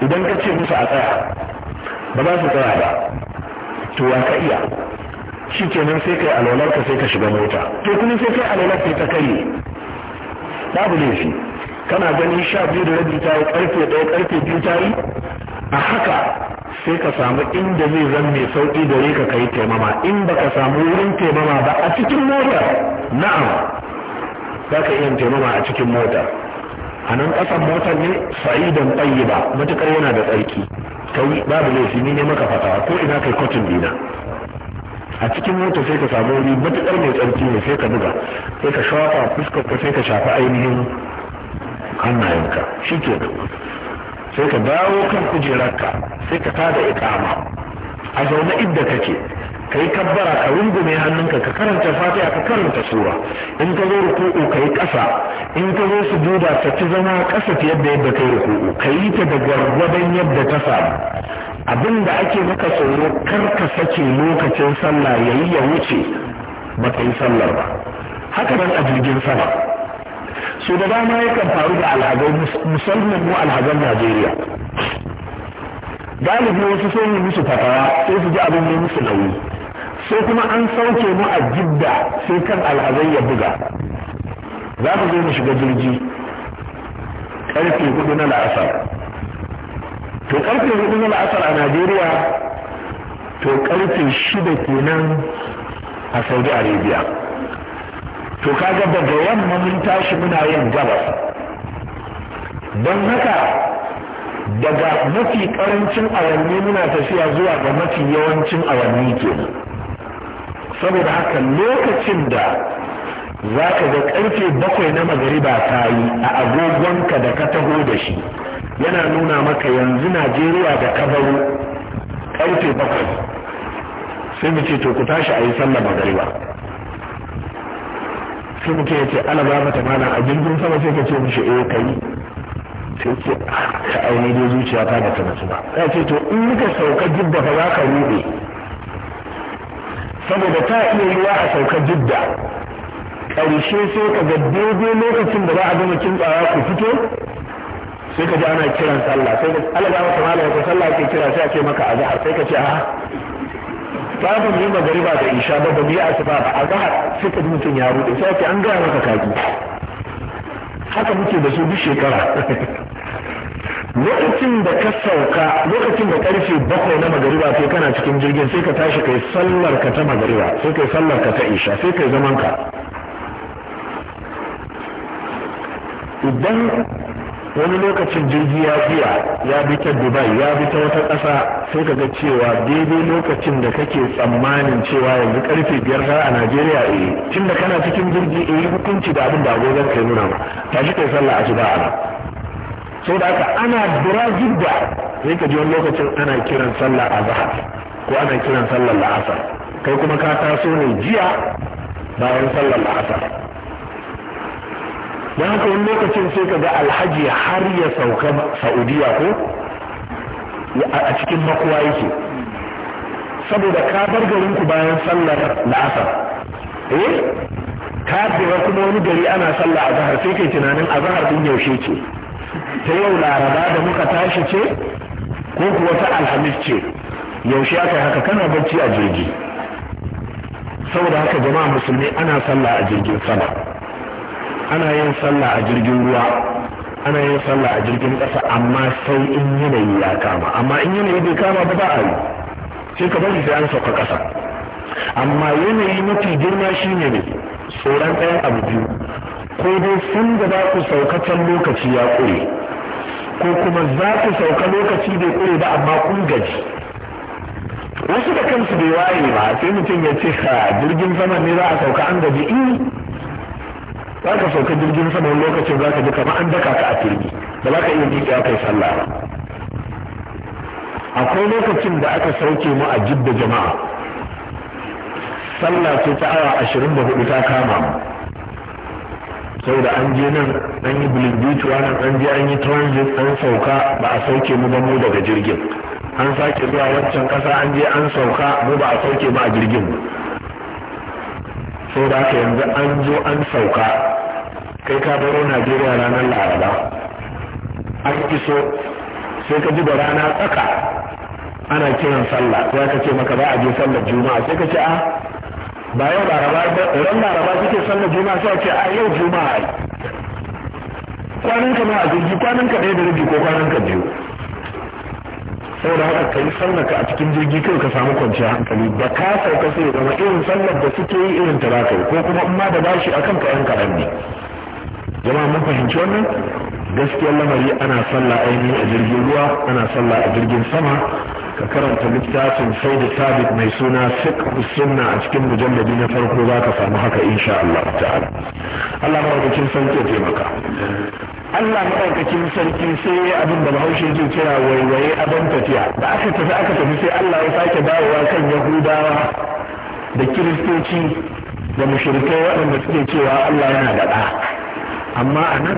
idan ka ce musu a tsaya ba za su tsaya ba to wa ka iya shi kenan sai kai alwalar ka sai ka shiga mota to kuma sai kai alwalar ka ta kai babu laifi kana gani sha biyu da rabi ta yi karfe ɗaya karfe biyu ta yi a haka sai ka samu inda zai zan mai sauƙi gare ka kai taimama in baka samu wurin taimama ba a cikin motar na'am za ka iya taimama a cikin mota? a nan ƙasan motar ne sa'idan ɗayi ba matuƙar yana da tsarki kai babu laifi ni ne maka fatawa ko ina kai kotun dina a cikin mota sai ka samu wuri matuƙar mai tsarki ne sai ka buga sai ka shafa fuskar ka sai ka shafa ainihin hannayenka shi ke sai ka dawo kan kujerarka sai ka tada ikama a zaune inda kake ka yi kabbara ka rungume hannunka ka karanta fatiha ka karanta sura in ka zo ruku'u ka yi ƙasa in ka zo sujuda ka ci zama ƙasa fiye da yadda ka yi ruku'u ka yi ta da gwargwadon yadda ta samu abin da ake maka tsoro kar ka sake lokacin sallah ya yi ya wuce ba ka yi sallar ba haka nan a jirgin sama su da dama yakan faru da alhazan musamman mu alhazan najeriya galibi wasu sai musu fatawa sai su ji abin ne musu nauyi sai kuma an sauke mu a jidda sai kan alhazai ya buga za mu zo mu shiga jirgi karfe hudu na la'asar to karfe hudu na la'asar a najeriya to karfe shida kenan a saudi arabia to kaga daga yamma mun tashi muna yin gabas don haka daga mafi ƙarancin awanni muna tafiya zuwa ga mafi yawancin awanni kenan saboda haka lokacin da za ka ga karfe bakwai na magariba ta yi a agogonka da ka taho da shi yana nuna maka yanzu najeriya da kabaru karfe bakwai sai mu ce to ku tashi a yi sallah magariba sai mutum ya ce ala ba mata mana a jirgin sama sai ka ce mishi eh kai sai ce ah, ka aini dai zuciya ta bata nasu ba ya ce to in muka sauka jidda fa za ka rube saboda ta iya yiwa a sauka jidda ƙarshe sai ka ga daidai lokacin da za a gama kintsawa ku fito sai ka ji ana kiran sallah sai Allah ya maka malama ko sallah ke kira sai a ce maka azhar sai ka ce a ta ba mu magariba da isha ba ba mu yi asuba ba azhar sai ka ji mutum ya rude sai ka an gaya maka kaji haka muke da su duk shekara lokacin da ka sauka lokacin da karfe bakwai na magariba sai kana cikin jirgin sai ka tashi kai sallar ka ta magariba sai kai sallar ka ta isha sai kai zaman ka idan wani lokacin jirgi ya biya ya bi ta dubai ya bi ta wata ƙasa sai ka ga cewa daidai lokacin da kake tsammanin cewa yanzu karfe biyar har a najeriya eh tun da kana cikin jirgi eh hukunci da abin da agogon kai nuna ba tashi kai sallah ba a nan sau da aka ana birajin da sai ka ji wani lokacin ana kiran sallah azhar ko ana kiran sallar la'asar kai kuma ka taso ne jiya bayan sallar la'asar don haka wani lokacin sai ka ga alhaji har ya sauka saudiya ko a cikin makuwa yake saboda ka bar garin ku bayan sallar la'asar eh ka kuma wani gari ana sallah Zahar, sai kai tunanin Zahar din yaushe ce ta yau laraba da muka tashi ce ko kuwa ta alhamis ce yaushe aka haka kana bacci a jirgi saboda haka jama'a musulmi ana sallah a jirgin sama ana yin sallah a jirgin ruwa ana yin sallah a jirgin ƙasa amma sai in yanayi ya kama amma in yanayi bai kama ba ba a yi sai ka bari sai an sauka ƙasa amma yanayi mafi girma shine ne tsoron ɗayan abu biyu ko dai sun da za ku saukacen lokaci ya ƙure ko kuma za ku sauka lokaci bai ƙure ba amma kun gaji wasu da kansu bai waye ba sai mutum ya ce ha jirgin sama ne za a sauka an gaji in eh, za ka sauka jirgin sama lokacin za ka ji kamar an daka ka a firgi da za ka iya miƙewa kai sallah ba akwai lokacin da aka sauke mu a jidda jama'a sallah ce ta awa ashirin da hudu ta kama mu saboda an je nan an yi bulindituwa nan an je an yi transit an sauka ba a sauke mu ba mu daga jirgin an sake zuwa waccan kasa an je an sauka mu ba a sauke ba a jirgin mu saboda haka yanzu an zo an sauka kai ka baro najeriya ranar laraba an iso sai ka ji da rana tsaka ana kiran sallah za ka ce maka za a je sallar juma'a sai ka ce a ah, ba yau laraba ran laraba kike sallar juma'a sai ce a yau juma'a ai kwanan ka ma a jirgi kwanan ka ɗaya da rabi ko kwanan ka biyu saboda haka ka yi sallar ka a cikin jirgi kai ka samu kwanciya hankali ba ka sauka sai ya irin sallar da suke yi irin ta ko kuma in ma da bashi akan ka yan kaɗan ne jama'a mun fahimci wannan gaskiyar lamari ana sallah ainihin a jirgin ruwa ana sallah a jirgin sama ka karanta littafin sai sabit mai suna fiqh sunna a cikin mujalladi na farko za ka samu haka insha Allah ta'ala Allah madaukakin sarki ya taimaka Allah madaukakin sarki sai ya abin da Bahaushe ke kira waiwaye abin tafiya da aka tafi aka tafi sai Allah ya sake dawowa kan Yahudawa da Kiristoci da mushrikai waɗanda suke cewa Allah yana da amma a nan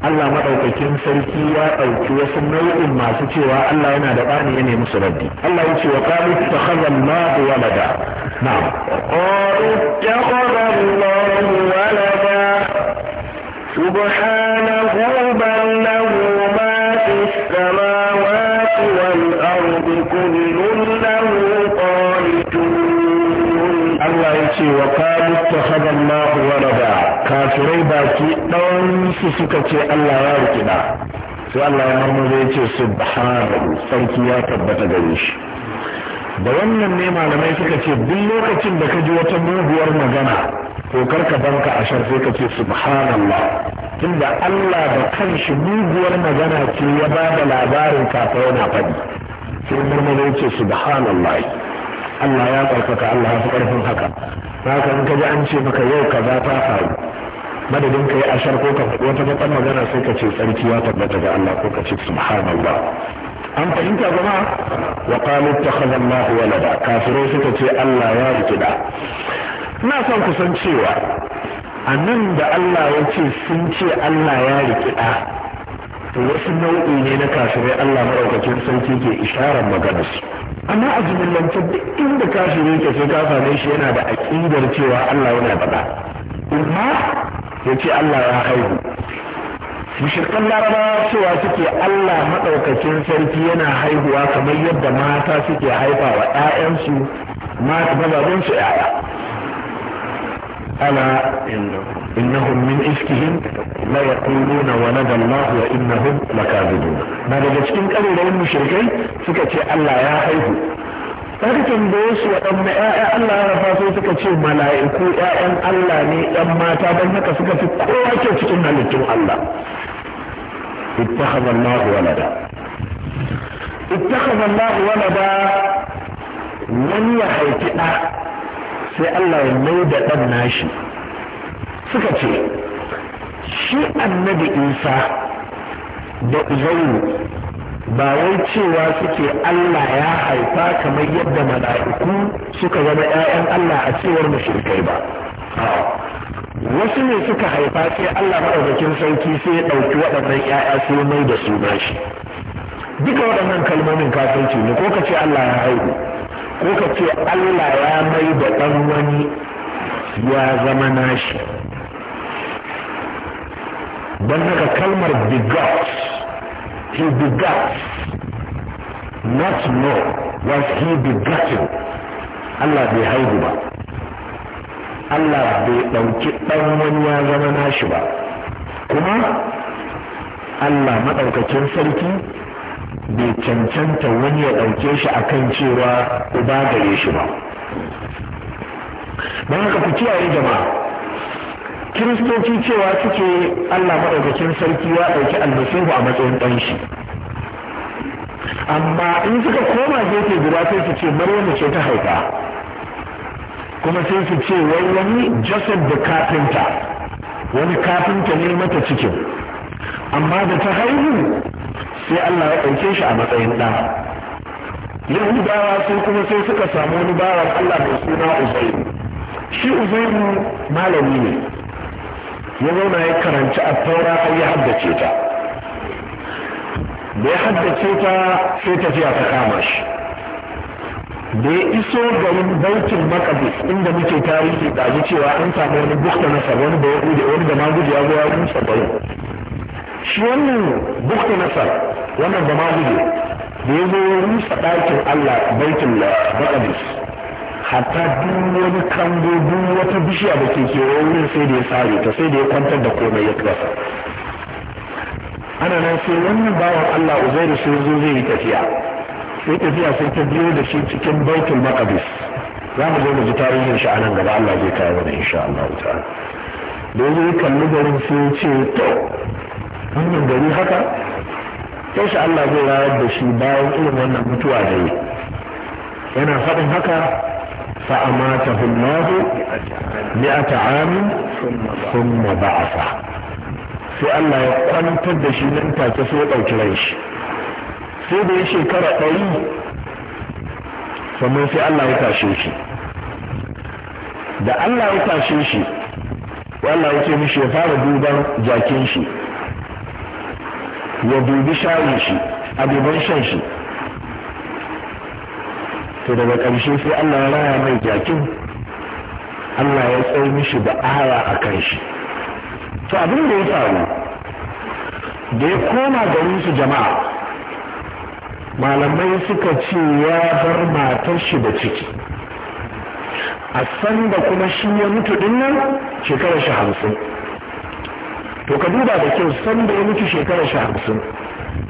Allah maɗaukakin sarki ya ɗauki wasu nau'in masu cewa Allah yana da ɗani ya musu raddi Allah ya ce wa qalu ittakhadha Allahu walada na'am qalu ittakhadha Allahu walada subhanahu bal lahu ma fis samawati wal ardi kullun lahu qanitun Allah ya ce wa qalu ittakhadha Allahu walada kafirai baki ɗawansu suka ce Allah ya rikida sai Allah ya marmaza ya ce subhanahu sarki ya tabbata gare shi da wannan ne malamai suka ce duk lokacin da ka ji wata muguwar magana to karka banka a shar sai ka ce subhanallah tunda Allah da kanshi muguwar magana ce ya ba da labarin kafa yana faɗi sai marmaza ya ce subhanallah Allah ya tsarkaka Allah ya fi ƙarfin haka haka in ka ji an ce maka yau kaza ta faru madadin ka yi ashar ko ka faɗi wata bakan magana sai ka ce tsarki ya tabbata ga Allah ko ka ce subhanallah an fahimta zama wa qalu ittakhadha Allah walada kafirai suka ce Allah ya riki da ina son ku san cewa a nan da Allah ya ce sun ce Allah ya riki da to wasu nau'i ne na kafirai Allah maɗaukacin sarki ke isharar maganarsu amma a jimillantar duk inda kafiri ke sai ka same shi yana da aƙidar cewa Allah yana faɗa amma ya ce Allah ya haihu mushirkan larabawa cewa suke Allah maɗaukakin sarki yana haihuwa kamar yadda mata suke haifa wa ‘ya'yansu mazabinsu ‘ya'ya ala innahum min iskihim la yaquluna walada Allah wa innahum lakazibun na daga cikin ƙarerayin mushrikai suka ce Allah ya haihu Ɗan tambaye su waɗanne ‘ya'ya Allah ya rafa sai suka ce mala'iku ‘ya'yan Allah ne ‘yan mata don haka suka fi kowa ke cikin halittun Allah. Ittakhadha Allah walada. Ittakhadha Allah walada wani ya haifi ɗa sai Allah ya mai da ɗan nashi. Suka ce, shi annabi Isa da Uzairu ba wai cewa suke Allah ya haifa kamar yadda mala'iku suka zama 'ya'yan Allah a cewar mashirkai ba wasu ne suka haifa sai Allah maɗaukakin sarki sai ya ɗauki waɗannan 'ya'ya sai mai da su shi duka waɗannan kalmomin ce ne ko ka ce Allah ya haihu ko ka ce Allah ya mai da ɗan wani ya zama nashi don haka kalmar bigot he begat not know was he begatting Allah bai haihu ba Allah bai ɗauki ɗan wani ya zama nashi ba kuma Allah maɗaukacin sarki bai cancanta wani ya ɗauke shi akan cewa uba gare shi ba don haka ku kiyaye jama'a kiristoci cewa suke Allah maɗaukakin sarki ya ɗauki almasihu a matsayin ɗanshi amma in suka koma gefe guda sai su ce maryamu ce ta haifa kuma sai su ce wai wani joseph da kafinta wani kafinta ne mata cikin amma da ta haihu sai Allah ya ɗauke shi a matsayin ɗa yahudawa sai kuma sai suka samu wani bawan Allah mai suna uzairu shi uzairu malami ne ya zauna ya karanci a taura har ya haddace ta da ya haddace ta sai tafiya ta kama shi da ya iso garin baitul maqdis inda muke tarihi ɗazu cewa an samu wani bukta nasar wani da ya gude wani da ya goya wani sabayin shi wannan bukta nasar wannan da magudu da ya zo rusa ɗakin allah baitin maqdis hatta duk wani kango duk wata bishiya da ke kewaye wurin sai da ya sare ta sai da ya kwantar da komai ya kasa ana nan sai wannan bawan Allah Uzairu sai zo zai yi tafiya sai tafiya sai ta biyo da shi cikin Baitul Maqdis za mu zo mu ji tarihin shi anan gaba Allah zai kawo mana insha Allah ta'ala da kalli garin sai ya ce to wannan gari haka sai shi Allah zai rayar da shi bayan irin wannan mutuwa da yi yana faɗin haka فأماته الله مئة عام ثم بعثه sai Allah ya kwantar da shi nan take sai ya ɗauki ran shi sai da ya shekara ɗari sannan sai Allah ya tashe shi da Allah ya tashe shi Allah ya ce mishi ya fara duban jakin shi ya dubi shayin shi duban shan shi to daga ƙarshe sai Allah ya raya mai jakin Allah ya tsaye mishi da aya a kan shi to abin da ya faru da ya koma garin su jama'a malamai suka ce ya bar matar shi da ciki a san da kuma shi ya mutu din nan shekarar shi hamsin to ka duba da kyau san da ya mutu shekarar shi hamsin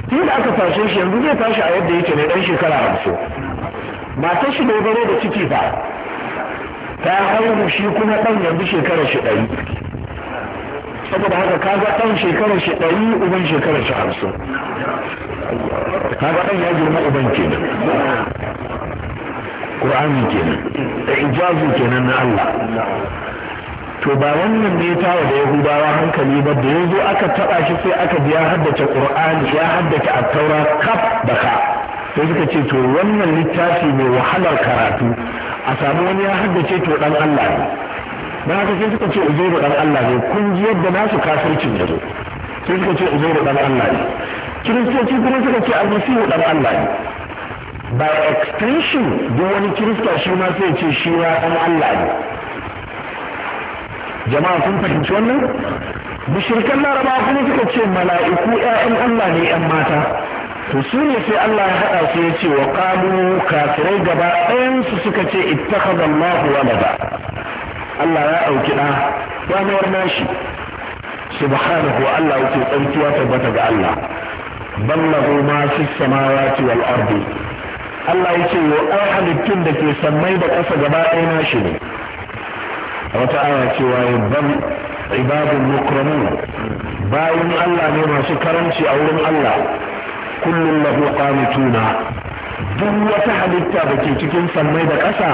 tun da aka tashe shi yanzu zai tashi a yadda yake ne dan shekara hamsin ta shi bai gano da ciki ba ta haihu shi kuma ɗan yanzu shekarar shi ɗari saboda haka ka ga ɗan shekarar shi ɗari uban shekarar shi hamsin ga ɗan ya girma uban kenan ƙur'ani kenan da ijazu kenan na Allah to ba wannan ne ta da yahudawa hankali ba da yanzu aka taɓa shi sai aka biya haddace ƙur'ani ya haddace attaura kaf da ka sai suka ce to wannan littafi mai wahalar karatu a samu wani ya haddace to dan Allah ne dan haka sai suka ce uzairu dan Allah ne kun ji yadda nasu kafircin yazo sai suka ce uzairu dan Allah ne kiristoci kuma suka ce almasihu dan Allah ne by extension duk wani kirista shi ma sai ce shi ma dan Allah ne jama'a kun fahimci wannan mushrikan laraba kuma suka ce mala'iku 'ya'yan Allah ne 'yan mata to su ne sai Allah ya haɗa su ya ce wa kalu kafirai gaba ɗayansu suka ce ittakhadha Allahu walada Allah ya ɗauki ɗa ya mayar nashi subhanahu Allah yake tsarkiya tabbata ga Allah ballahu ma fi samawati wal ardi Allah yake yo ai halittun da ke sammai da ƙasa gaba ɗaya nashi ne wata aya cewa bal ibadun mukramun bayan Allah ne masu karanci a wurin Allah كل له قانتونا دم وتحد التابك تكين سمي دا كسا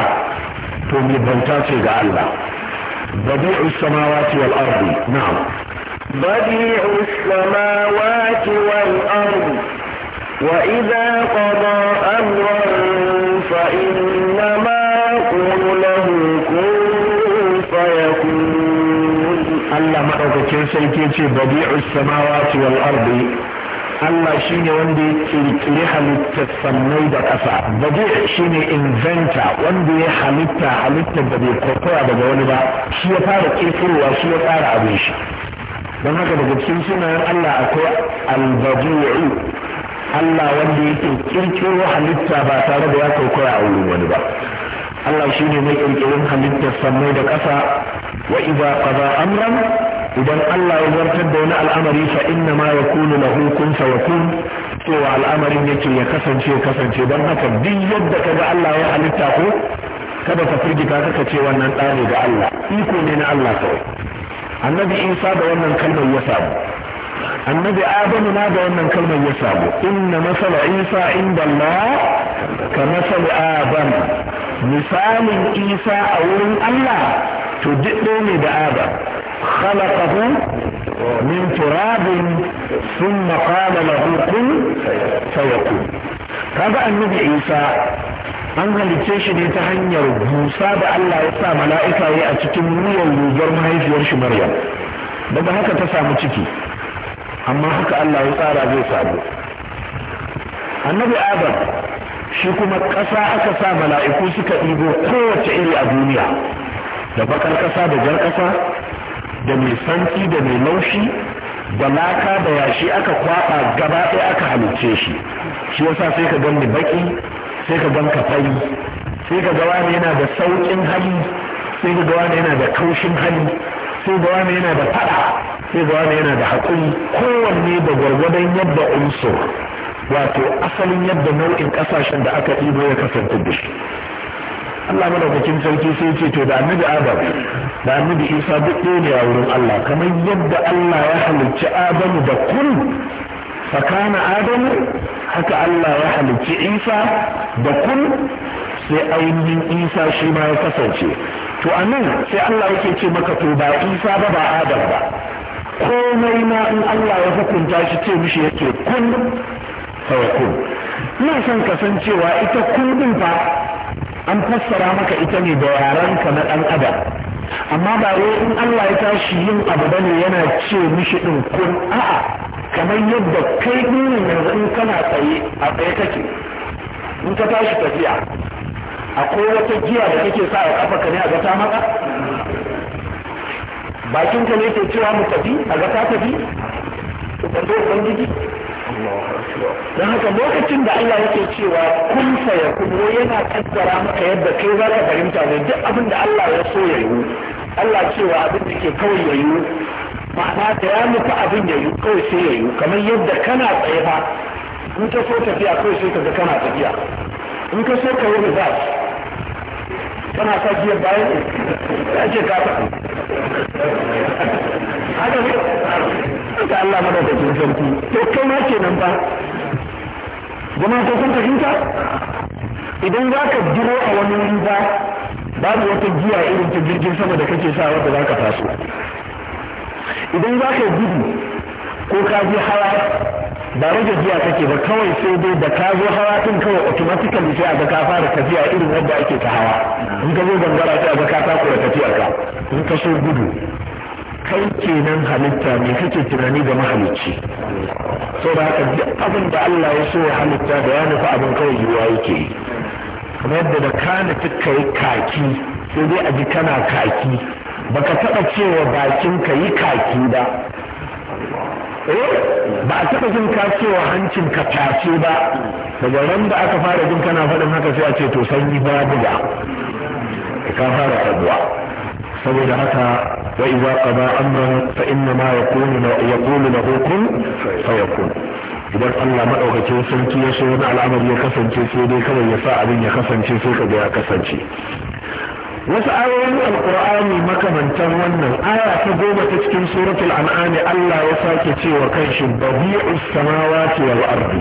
تومي بوتاتي دا الله بديع السماوات والأرض نعم بديع السماوات والأرض وإذا قضى أمرا فإنما يقول له كن فيكون الله ما أوكي كيف بديع السماوات والأرض Allah shine wanda ya kirkiri halitta sammai da ƙasa shi ne inventor wanda ya halitta halittar da bai kwaikwaya daga wani ba shi ya fara kirkirowa shi ya fara abin shi don haka daga cikin sunayen Allah akwai albadi'u Allah wanda ya kirkiro halitta ba tare da ya kwaikwaya a wurin wani ba Allah shine mai kirkirin halitta sammai da ƙasa wa idza qada amran idan Allah ya zartar da wani al'amari fa inna ma yakunu lahu kun fa yakun cewa al'amarin yake ya kasance ya kasance don haka duk yadda kaga Allah ya halitta ko kada ka firgita kaka ce wannan ɗa ne ga Allah iko ne na Allah kawai annabi Isa da wannan kalmar ya samu annabi Adamu na da wannan kalmar ya samu inna masala Isa inda Allah ka masala Adam misalin Isa a wurin Allah to duk ne da Adam خلقه من تراب ثم قال له كن فيكون kaga annabi isa an halicce shi ne ta hanyar busa da allah ya sa mala'ika ya a cikin wuyan rigar mahaifiyar shi maryam daga haka ta samu ciki amma haka allah ya tsara zai samu annabi adam shi kuma ƙasa aka sa mala'iku suka ɗibo kowace iri a duniya da bakar ƙasa da jar ƙasa da mai santsi da mai laushi da laka da yashi aka kwaba gaba ɗaya aka halicce shi shi yasa sai ka ganni baki sai ka gan fari sai ka gawa ne yana da sauƙin hali sai ka gawa ne yana da kaushin hali sai gawa ne yana da faɗa sai gawa ne yana da haƙuri kowanne da gwargwadon yadda unsur wato asalin yadda nau'in ƙasashen da aka ɗibo ya kasance da shi Allah madaukakin sarki sai ce to da annabi Adam da annabi Isa duk ne a wurin Allah kamar yadda Allah ya halicci Adamu da kun fakana Adamu haka Allah ya halicci Isa da kun sai ainihin Isa shi ma ya kasance to anan sai Allah yake ce maka to ba Isa ba ba Adam ba komai ma in Allah ya hukunta shi ce mishi yake kun fa kun ina son kasancewa ita kun din fa an fassara maka ita ne da ka na ɗan adam amma ba wai in Allah ya tashi yin abu bane yana ce mishi ɗin kun a'a kamar yadda kai dinin yanzu in kana tsaye a tsaye kake in ka tashi tafiya akwai wata giya da kake sa a kafa ka ne a gata maka bakin ka ne ke cewa mu tafi a gata tafi to ban ubangiji don haka lokacin da Allah yake cewa kun saya kuma yana kaddara maka yadda kai za ka fahimta ne duk abin da Allah ya so ya yi Allah cewa abin da ke kawai ya yi ma'ana da ya nufi abin ya yi kawai sai ya yi kamar yadda kana tsaye ba in ka so tafiya kawai sai ka ga kana tafiya in ka so ka yi reverse kana sa jiya bayan ne ka ce ka haka Ka Allah da ke sarki to kai ma ke nan ba zama ko kun fahimta idan za ka jiro a wani wuri ba babu wata giya irin ta jirgin sama da kake sa wadda za ka taso idan za ka gudu ko ka je hawa ba rage giya kake ba kawai sai dai da ka zo hawa tun kawai automatically sai a ga ka fara tafiya irin wadda ake ta hawa in ka zo gangara sai ga ka takura tafiyar ka in ka so gudu kai kenan halitta me kake tunani ga mahalicci saboda haka duk abin da Allah ya so ya halitta da ya nufi abin kawai yiwuwa yake yi kamar yadda da kana tukka yi kaki sai dai a ji kana kaki baka taba cewa bakin ka yi kaki ba eh ba a taɓa jin ka cewa hancin ka tace ba daga ran da aka fara jin kana faɗin haka sai a ce to sanyi ba buga ka fara faduwa saboda haka wa idza qada amran fa inna ma yaqulu yaqulu lahu kun fayakun idan Allah madaukakin sarki ya so wani al'amari ya kasance sai dai kawai ya sa abin ya kasance sai ka ga ya kasance wasu ayoyin alkur'ani makamantan wannan aya ta goma ta cikin suratul an'ami Allah ya sake cewa kanshi babi'us samawati wal ardi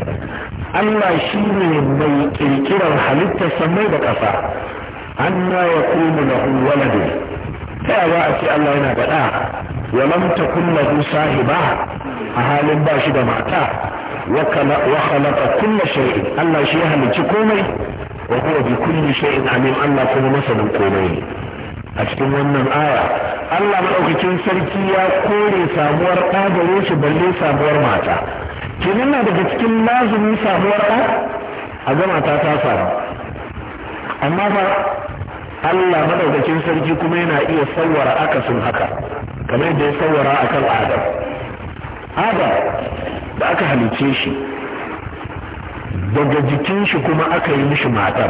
Allah shine mai kirkirar halittar samai da ƙasa anna yakunu lahu waladun ta ba a ce Allah yana wa walam takun lahu sahiba a halin ba shi da mata wa khalaqa kulla shay'in Allah shi ya halicci komai wa huwa bi kulli shay'in amin Allah kuma masanin komai ne a cikin wannan aya Allah madaukakin sarki ya kore samuwar ɗa gare shi balle samuwar mata kenan na daga cikin lazumin samuwar ɗa a ga mata ta samu amma fa Allah madaukakin sarki kuma yana iya sawara akasin haka kamar da ya sawara akan Adam Adam da aka halice shi daga jikin shi kuma aka yi mishi matar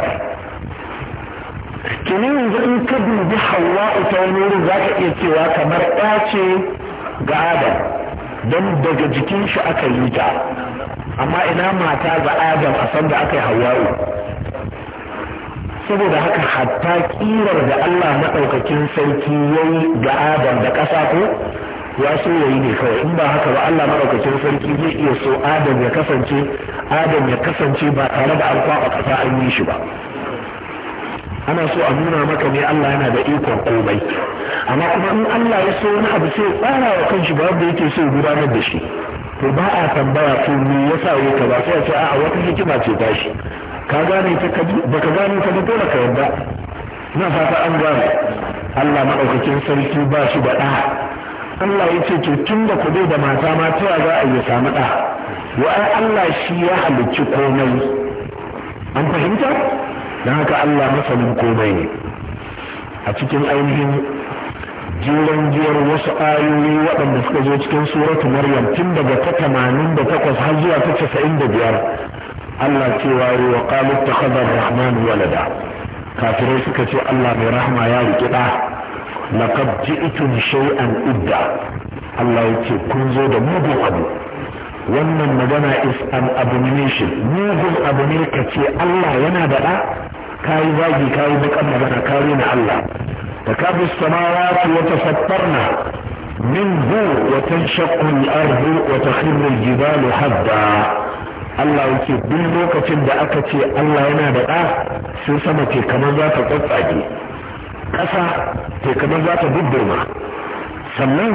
kini yanzu in ka dubi hawa ta wani wurin za ka iya cewa kamar ɗace ce ga adam don daga jikin shi aka yi ta amma ina mata ga adam a san da aka yi hawa'u saboda haka hatta kirar da Allah maɗaukakin sarki yayi ga adam da ƙasa ko ya so ya yi ne kawai in ba haka ba Allah maɗaukakin sarki zai iya so adam ya kasance adam ya kasance ba tare da an kwaɓa ƙasa an yi shi ba ana so a nuna maka ne Allah yana da ikon komai amma kuma in Allah ya so wani abu sai tsara wa kanshi ba wanda yake so gudanar da shi to ba a tambaya to me yasa yake ba sai a ce a'a wata hikima ce ta shi ka gane ta kaji ka gane ta dole ka yarda na fata an gane Allah madaukakin sarki ba shi da ɗa Allah ya ce to tun da ku da mata ma ta za a yi samu ɗa wa ai Allah shi ya halicci komai an fahimta dan haka Allah masanin komai ne a cikin ainihin jiran jiyar wasu ayoyi waɗanda suka zo cikin suratu maryam tun daga ta 88 har zuwa ta 95 Allah cewa yi wa qalu takhadar rahman walada kafirai suka ce Allah mai rahama ya riki da laqad ji'tum shay'an idda Allah yake kun zo da mugun abu wannan magana is an abomination mugun abu ne ka ce Allah yana da da kayi zagi kayi bakan magana kare na Allah تكاد السماوات يتفطرن منه وتنشق الأرض وتخر الجبال هدا Allah yake duk lokacin da aka ce Allah yana da ɗa sai sama ke kamar za ta tsatsage ƙasa ke kamar za ta bubburma sannan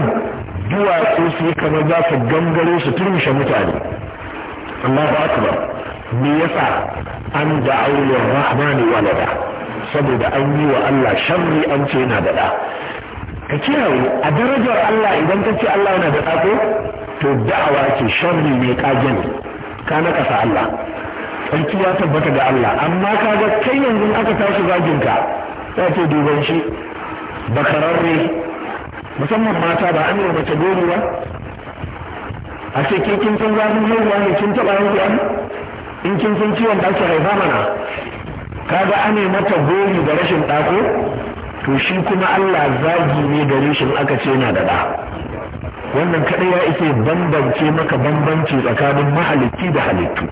duwatsu sai kamar za su gangare su turmushe mutane Allahu akbar me yasa an da auliyar rahmani walada saboda an yi wa Allah sharri an ce yana da ɗa ka kiyaye a darajar Allah idan ka ce Allah yana da ɗa ko to da'awa ce sharri ne ƙagen ka naka sa Allah sarki ya tabbata da Allah amma kaga kai yanzu aka tashi zagin ka ce duban shi bakararre musamman mata ba an yi mace gori ba a ce ke kin san zafin haihuwa ne kin taɓa haihuwa in kin san ciwon da ake haifa mana kaga yi mata gori da rashin ɗako to shi kuma Allah zagi ne da rishin aka ce na da ɗa wannan kaɗai ya isa bambance maka bambanci tsakanin mahalicci da halittu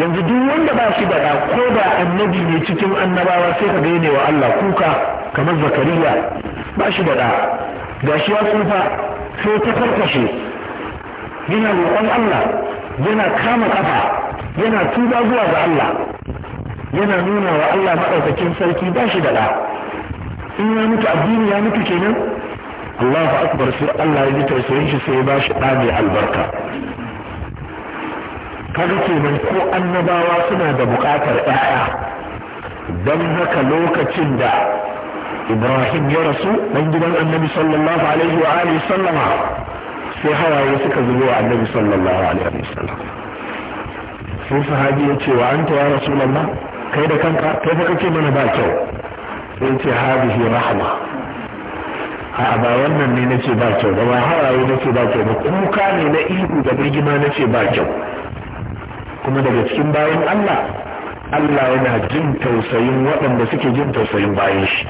yanzu duk wanda ba shi da ko da annabi ne cikin annabawa sai ka gane wa Allah kuka kamar zakariya ba shi da ɗa shi ya tsufa sai ta farfashe yana roƙon Allah yana kama ƙafa yana tuba zuwa ga Allah yana nuna wa Allah maɗaukakin sarki ba shi da in ya mutu addini ya mutu kenan Allahu akbar sai Allah ya ji tausayin shi sai ya ba shi ɗa mai albarka ke kenan ko annabawa suna da buƙatar ɗaya don haka lokacin da Ibrahim ya rasu dan gidan Annabi sallallahu alaihi wa alihi sallama sai hawaye suka zubo wa Annabi sallallahu alaihi wa sallam sai sahabi ya ce wa anta ya kai da kanka kai fa kake mana ba kyau sai ce hadihi rahma A'a ba wannan ne ce ba kyau ba hawaye ce ba kyau ba kuka ne na ihu da birgima ce ba kyau kuma daga cikin bayan Allah Allah yana jin tausayin waɗanda suke jin tausayin bayan shi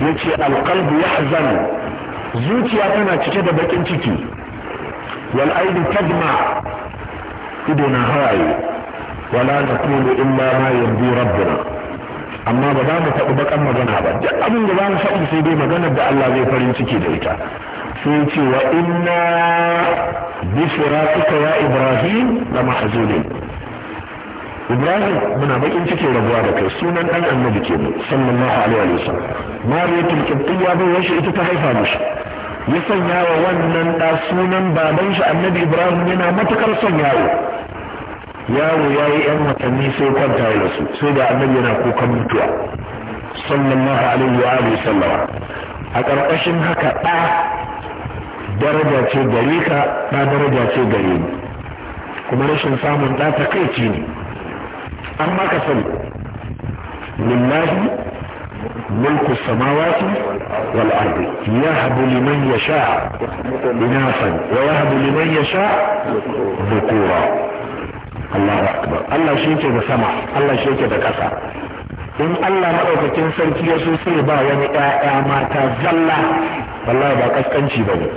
yace ya yahzan zuciya tana cike da bakin ciki wal aidu tadma ido na hawaye wala naqulu illa ma yardi rabbuna amma ba za mu faɗi bakan magana ba duk abin da za mu faɗi sai dai maganar da Allah zai farin ciki da ita Sun ce wa inna bi firaqika ya ibrahim la mahzulin ibrahim muna bakin ciki rabuwa da kai sunan dan annabi kenan sallallahu alaihi wa sallam mariyatul qibtiyya bai washe ita ta haifa mishi ya sanya wa wannan ɗa sunan baban shi annabi ibrahim yana matukar son yaro yawo ya yi yan watanni sai kwanta ya rasu sai da annabi yana kukan mutuwa sallallahu alaihi wa alihi sallama a ƙarƙashin haka ɗa daraja ce gare ka ɗa daraja ce gare ni kuma rashin samun ɗa ta kai ne amma ka sani lillahi mulku samawati wal ardi yahbu liman yasha inasan wa yahbu liman yasha dhukura Allahu akbar Allah shi yake da sama Allah shi yake da ƙasa in Allah maɗaukakin sarki ya so sai ba wani ƴaƴa mata zalla wallahi ba ƙasƙanci ba ne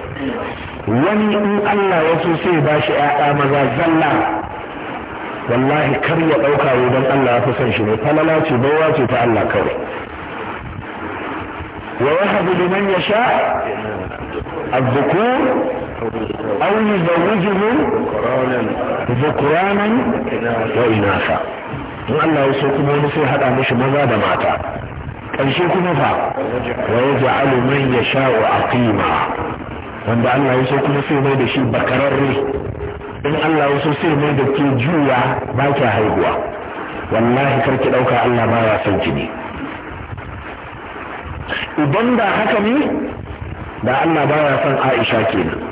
wani in Allah ya so sai ba shi ƴaƴa maza zalla wallahi kar ya ɗauka don Allah ya fi son shi ne falala ce baiwa ce ta Allah kawai wa ya liman yasha الذكور أو يزوجهم ذكرانا وإناثا in Allah ya kuma wani sai haɗa mishi maza da mata ƙarshe kuma fa wa ya ja'alu man ya sha'u aqima wanda Allah ya so kuma sai mai da shi bakararre in Allah ya so sai mai juya ba haihuwa wallahi kar ki ɗauka Allah son idan da haka ne da Allah baya son Aisha kenan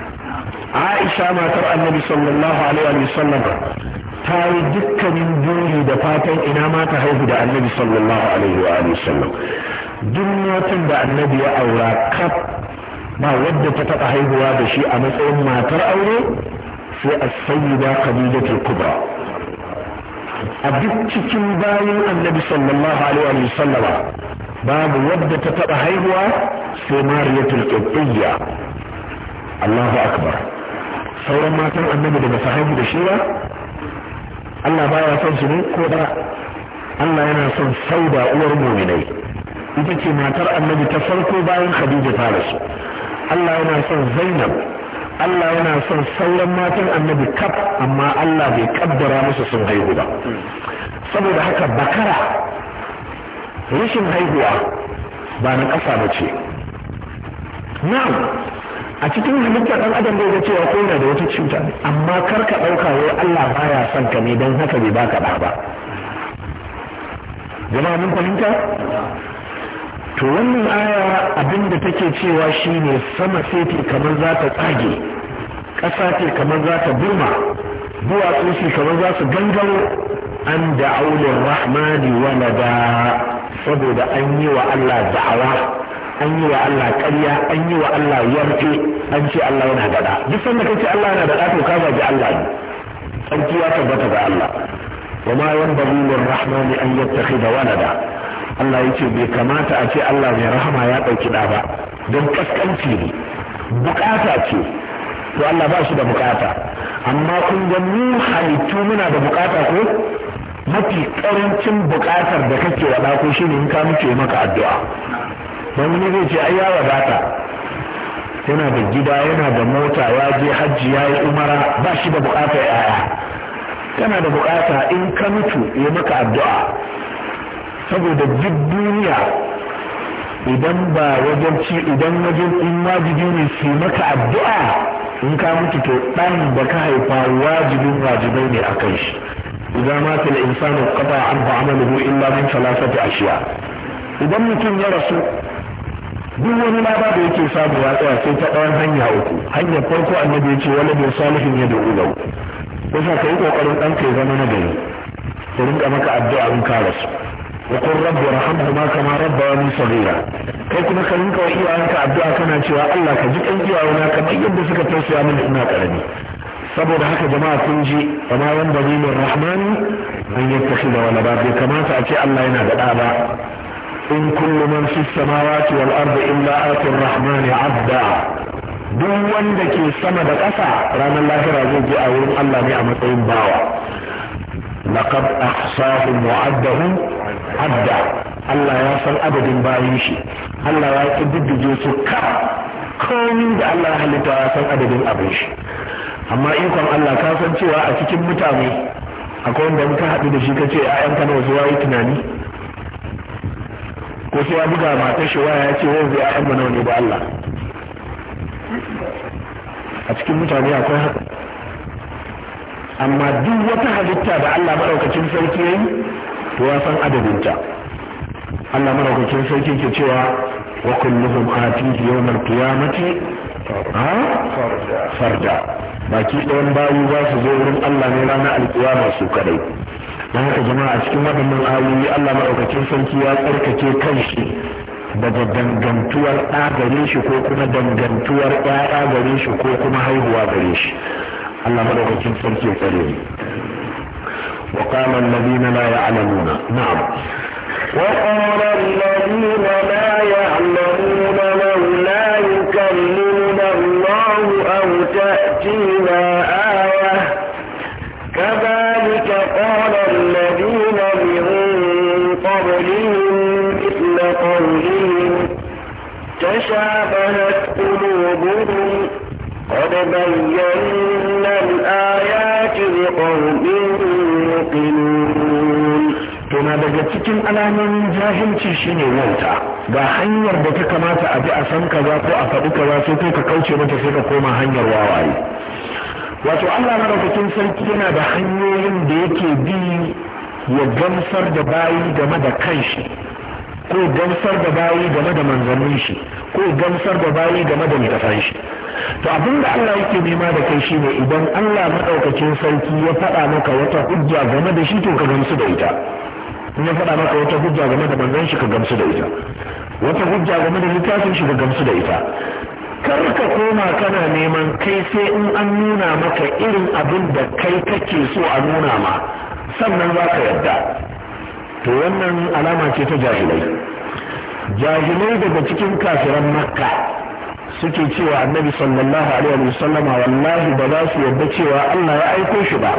aisha matar annabi sallallahu alaihi wa sallam ta yi dukkanin buri da fatan ina ma ta haihu da annabi sallallahu alaihi wa sallam duk da annabi ya aura kaf ba wadda ta taɓa haihuwa da shi a matsayin matar aure sai a sayyida khadijatul kubra a duk cikin bayan annabi sallallahu alaihi wa babu wadda ta taɓa haihuwa sai mariyatul qibtiyya Allahu akbar sauran matan annabi da su haihu da shi ba Allah baya son su ne ko da Allah yana son sauda uwar mu'minai ita ce matar annabi ta farko bayan Khadija ta rasu Allah yana son Zainab Allah yana son sauran matan annabi kaf amma Allah bai kaddara musu sun haihu ba saboda haka bakara rashin haihuwa ba na ƙasa ba ce na'am a cikin halittar ɗan adam zai cewa ko da wata cuta amma kar ka ɗauka wai Allah baya son ka ne don haka bai baka ɗa ba jama'a mun fahimta to wannan aya abin da take cewa shine sama sai kamar za ta tsage ƙasa ce kamar za ta burma duwatsu ce kamar za su gangaro an da'aulin rahmani walada saboda an yi wa Allah da'awa an yi wa Allah ƙarya an yi wa Allah yarfe an ce Allah yana gada duk sanda kace Allah yana gada to ka gaji Allah ne sarki ya tabbata ga Allah wa ma yanbaghi lirrahman an yattakhidha walada Allah yace bai kamata a ce Allah mai rahama ya dauki da ba don kaskanci ne bukata ce to Allah ba shi da bukata amma kun ga mu halittu muna da bukata ko mafi karancin bukatar da kake wada ko shine in ka muke maka addu'a dan wani zai ce ai ya wadata yana da gida yana da mota ya je hajji ya yi umara ba shi da bukata yaya kana da bukata in ka mutu ya maka addu'a saboda duk duniya idan ba wajen ci idan wajen in wajibi ne su maka addu'a in ka mutu to ɗan da ka haifa wajibin wajibai ne a kai shi idan ma ta insanu qata an ba amaluhu illa min thalathati ashiya idan mutum ya rasu duk wani laba da yake samu ya tsaya sai ta ɗan hanya uku hanyar farko annabi ya ce wani bin salihin ya da uku yasa ka yi ƙoƙarin ɗan ka ya zama na gari ka rinka maka addu'a in ka rasu wa kun rabbi ma kama wani saghira kai kuma ka rinka wa iyayenka addu'a kana cewa Allah ka ji kan iyayena kamar yadda suka tausaya min ina karami saboda haka jama'a kun ji kama wanda zai min rahmani an wani ba bai kamata a ce Allah yana da ɗa ba in kullu man fi samawati wal ardi illa ati rahmani abda duk wanda ke sama da ƙasa ranar lahira zai je a wurin Allah ne a matsayin bawa laqad ahsahum wa addahum adda Allah ya san adadin bayin shi Allah ya kididdige su ka komai da Allah ya halitta ya san adadin abin shi amma ikon Allah ka san cewa a cikin mutane akwai wanda ka haɗu da shi kace 'ya'yanka nawa zuwa yi tunani ko sai ya buga matar shi waya ya ce wai zai an mana wani ba Allah a cikin mutane akwai haka amma duk wata halitta da Allah maɗaukacin sarki yayi to ya san adadinta Allah maɗaukacin sarki ke cewa wa kulluhum atihi yawmal qiyamati ha farda baki ɗayan bayu za su zo wurin Allah ne ranar alƙiyama su kadai don haka jama'a cikin waɗannan ayoyi Allah maɗaukacin sarki ya tsarkake kanshi daga dangantuwar ɗa gare shi ko kuma dangantuwar ɗaya gare shi ko kuma haihuwa gare shi Allah maɗaukacin sarki ya tsare ni وقال الذين لا يعلمون نعم وقال الذين لا يعلمون وبينا الآيات لقوم يوقنون daga cikin alamomin jahilci shine wauta ga hanyar da ta kamata a bi a san kaza ko a faɗi kaza sai kai ka kauce mata sai ka koma hanyar wawaye wato Allah madaukakin sarki yana da hanyoyin da yake bi ya gamsar da bayi game da kanshi ko gamsar da bayi game da manzannin shi ko gamsar da bayi game da littafan shi to abin da Allah yake nema da kai shine idan Allah madaukakin sarki ya faɗa maka wata hujja game da shi to ka gamsu da ita in ya faɗa maka wata hujja game da manzon shi ka gamsu da ita wata hujja game da littafin shi ka gamsu da ita kar ka koma kana neman kai sai in an nuna maka irin abin da kai kake so a nuna ma sannan za ka yarda to wannan alama ce ta jahilai jahilai daga cikin kafiran makka suke cewa annabi sallallahu alaihi wa sallama wallahi ba za su yarda cewa Allah ya aiko shi ba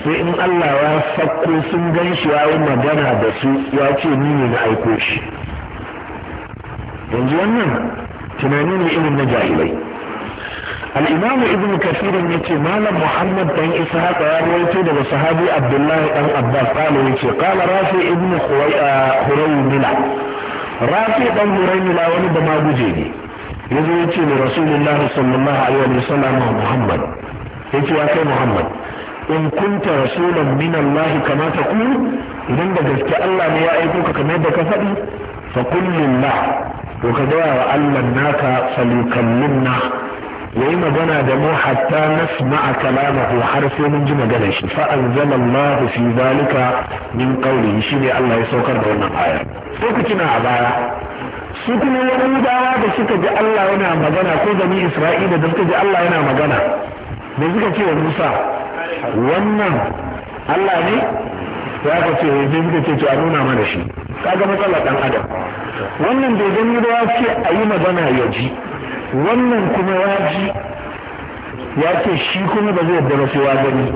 sai in Allah ya sakko sun gan shi ya yi magana da su ya ce ni ne na aiko shi yanzu wannan tunani ne irin na jahilai al-imam ibn kafir yace malam muhammad dan ishaq ya rawaito daga sahabi abdullah dan abbas qala yace kala rafi ibn ah, huraymila rafi dan huraymila wani da ma guje ne yazo yace ne rasulullahi sallallahu alaihi wasallam muhammad yace ya kai muhammad in kunta rasulan min Allah kama idan da gaske Allah ne ya aiko ka kamar da ka faɗi fa qul lillah to ka gaya wa Allah naka falyukallimna Yi magana da mu hatta nasma'a kalamahu har sai mun ji magana shi fa anzalallahu fi zalika min shi ne Allah ya saukar da wannan aya sai ku kina a baya su kuma yahudawa da suka ji Allah yana magana ko bani isra'ila da suka ji Allah yana magana me suka ce wa Musa wannan Allah ne ya ka ce eh, sai suka ce to a nuna mana shi kaga matsalar dan adam wannan bai gani ba sai a yi magana ya ji wannan kuma ya ji ya ce shi kuma ba zai yadda sai ya gani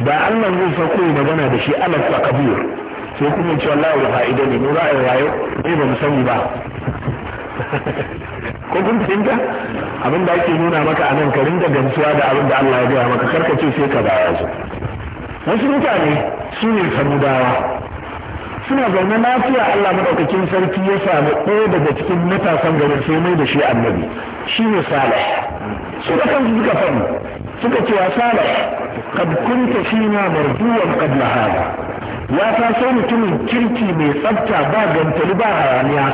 da Allah zai sauko ya magana da shi Allah ta kabir sai kuma ce wallahi fa'ida ne mu ra'ayi wayo ne ba mu sani ba ko kun fahimta abin da ake nuna maka a nan ka ringa gamsuwa da abin da Allah ya gaya maka karka ce sai ka baya su wasu mutane su ne samudawa suna zaune lafiya Allah madaukakin sarki ya samu ɗaya daga cikin matasan garin sai mai da shi annabi shi ne salih su da kansu suka faɗi suka ce wa salih kad kunta na marduwan kad ya ta sai mutumin kirki mai tsafta ba gantali ba hayaniya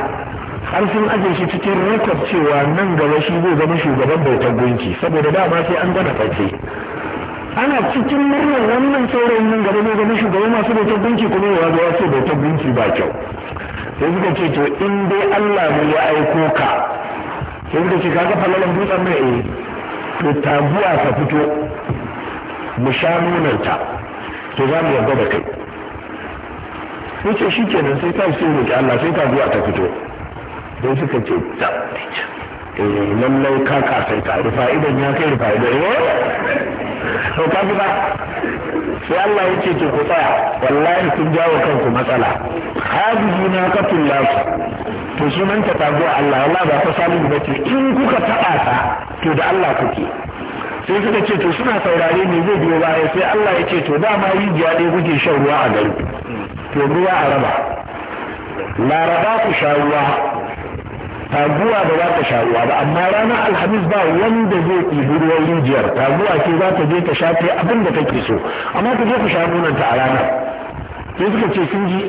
har sun ajiye shi cikin rekod cewa nan gaba shi zai zama shugaban bautar gunki saboda dama sai an gana fate ana cikin murnar wannan saurayin nan gaba ga zama shugaban masu bautar tabbinci kuma yawa da wasu da bautar ba kyau sai suka ce to in dai Allah ne ya aiko ka sai suka ce kaga falalan dutsen mai eh to taguwa ka fito mu sha nonarta to za mu yarda da kai sai ce shi kenan sai ta sai roƙi Allah sai taguwa ta fito Sai suka ce ta eh lallai ka kasaita rufa idan ya kai rufa idan eh to ka ba sai Allah ya ce to ku tsaya wallahi sun jawo kanku matsala hadihi na katul lafi to shi sunan ta tago Allah Allah ba ta samu ba ce in kuka taba ta to da Allah kuke sai suka ce to suna saurare ne zai biyo baya sai Allah ya ce to dama rijiya ɗaya kuke shan ruwa a gari to ruwa a raba laraba ku sha ruwa taguwa da za ta sha ba amma ranar alhamis ba wanda zai ɗibi ruwan rijiyar taguwa ce za ta je ta sha ta abin da take so amma ta je ku sha ta a rana sai suka ce sun ji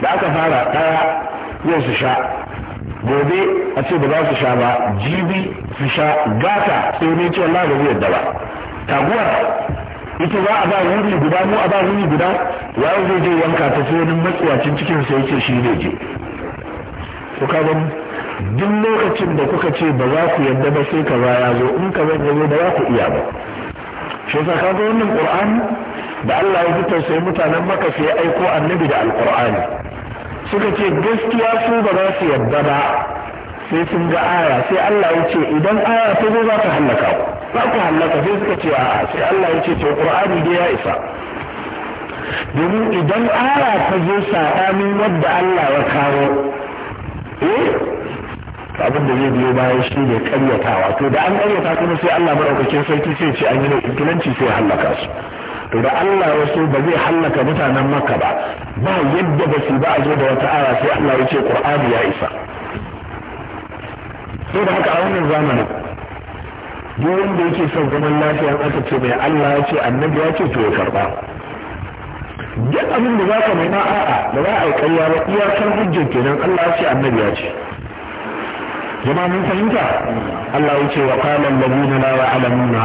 da aka fara ɗaya yau su sha gobe a ce ba za su sha ba jibi su sha gata sai ne ce wallahi ba zai yadda ba taguwar ita za a ba wuri guda mu a ba wuri guda ya zai je wanka ta sai wani matsiyacin cikin sai ce shi ne je ko ka duk lokacin da kuka ce ba za ku yadda ba sai kaza ya zo in kaza ya zo ba za ku iya ba shi yasa kaga wannan qur'ani da Allah ya fitar sai mutanen maka sai aiko annabi da alqur'ani suka ce gaskiya su ba za su yadda ba sai sun ga aya sai Allah ya ce idan aya ta zo za ta hallaka ku za ku hallaka sai suka ce a'a sai Allah ya ce to qur'ani dai ya isa domin idan aya ta zo saɓanin wadda Allah ya kawo eh abin da zai biyo baya shi ne karyatawa to da an karyata kuma sai Allah maɗaukakin sarki sai ce an yi mai ikilanci sai hallaka su to da Allah ya so ba zai hallaka mutanen Makka ba ba yadda ba su ba a zo da wata aya sai Allah ya ce Qur'ani ya isa sai da haka a wannan zamanin duk wanda yake son zaman lafiya aka ce mai Allah ya ce annabi ya ce to ya karba duk abin da za ka mai a'a da za a yi karya ba iyakar hujjar kenan Allah ya ce annabi ya ce Zama mun fahimta Allah ya ce wa qala alladhina la ya'lamuna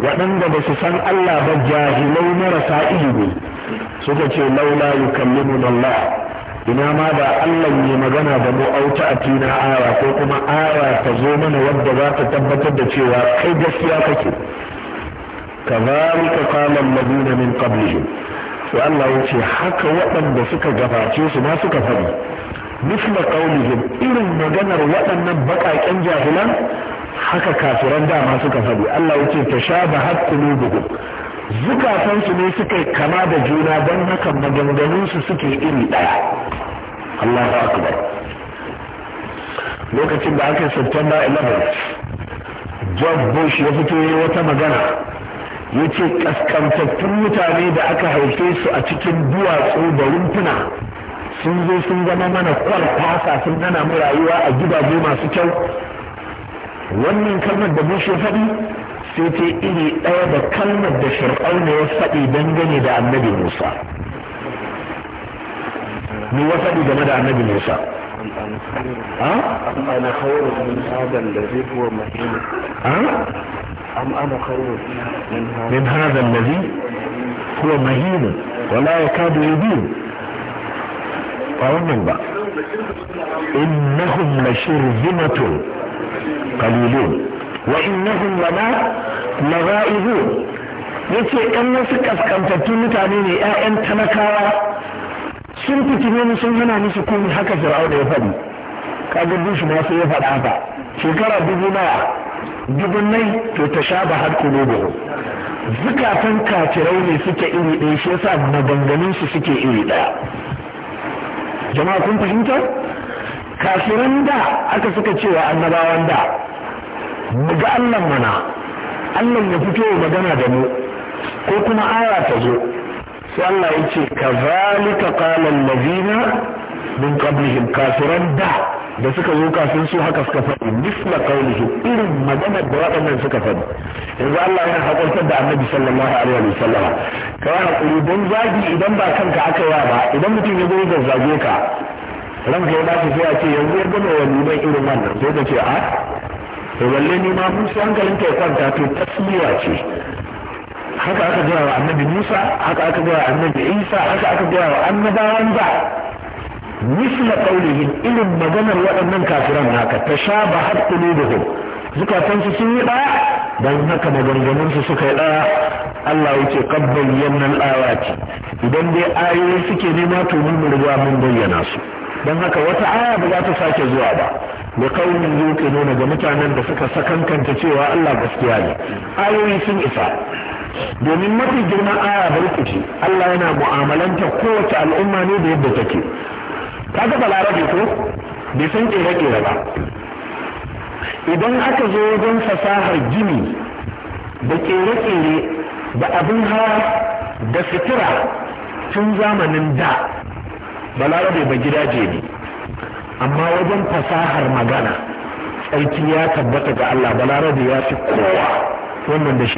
waɗanda ba su san Allah ba jahilai marasa ilimi suka ce laula yukallimuna Allah ina ma da Allah ne magana da mu auta a tina aya ko kuma aya ta zo mana wadda za ta tabbatar da cewa kai gaskiya kake kazalika qala alladhina min qablihim to Allah ya ce haka waɗanda suka gabace su ma suka faɗi misla qaulihim irin maganar waɗannan baƙaƙen jahilan haka kafiran dama suka faɗi Allah yace da qulubuhum zukatan su ne suka kama da juna don haka maganganunsu suke iri ɗaya ya akbar lokacin da aka September 11 George Bush ya fito yi wata magana ya ce kaskantattun mutane da aka haife su a cikin duwatsu da rumfuna sun zo sun zama mana kwarkwasa sun hana mu rayuwa a gidaje masu kyau wannan kalmar da bushe faɗi sai ce iri ɗaya da kalmar da fir'auna ya faɗi dangane da annabi musa ni wa faɗi game da annabi musa أنا خير من هذا الذي هو مهين أم أنا خير من هذا الذي هو مهين ولا يكاد يبين ba wannan ba innahum la shirzimatun qalilun wa innahum lana laghaibun yace 'yan wasu kaskantattu mutane ne ƴaƴan talakawa sun fitine mu sun hana musu komai haka fir'auna ya faɗi kaga bushi ma sai ya faɗa haka shekara dubu nawa dubu nai to ta sha ba har kulubu zukatan kafirai ne suke iri ɗaya shi yasa maganganun su suke iri ɗaya jama'a kun fahimta kafiran da aka suka cewa annabawan da Daga ga mana Allah ya fito magana da mu ko kuma aya ta zo sai Allah ya ce kazalika qala lazina min qablihim kafiran da da suka zo kafin su haka suka faɗi misla kaulihi irin magana da waɗannan suka faɗi yanzu Allah yana hakurtar da Annabi sallallahu alaihi wa sallama ya hakuri don zagi idan ba kanka aka yi ba idan mutum ya zo ya zage ka ranka ya dace sai a ce yanzu ya gama wani ban irin wannan sai ka ce a to lalle ni ma mun san ya kwanta to tasmiya ce haka aka gaya wa Annabi Musa haka aka gaya wa Annabi Isa haka aka gaya wa annabawan da misla qaulihim ilin maganar waɗannan kafiran haka tashabahat qulubuhum zukatansu sun yi ɗaya dan haka maganganunsu suka yi ɗaya Allah yake qad bayyana al-ayati idan dai ayoyi suke nema to mun riga mun bayyana su dan haka wata aya ba za ta sake zuwa ba da kaunin nuna ga mutanen da suka sakankanta cewa Allah gaskiya ne ayoyi sun isa domin mafi girman aya barkaci Allah yana mu'amalanta kowace al'umma ne da yadda take ka ga balarabe ko bai san kere-kere ba idan aka zo wajen fasahar gini da kere-kere da abin hawa da fitira tun zamanin da balarabe ba gidaje ne amma wajen fasahar magana tsarki ya tabbata ga Allah balarabe ya fi kowa wannan da shi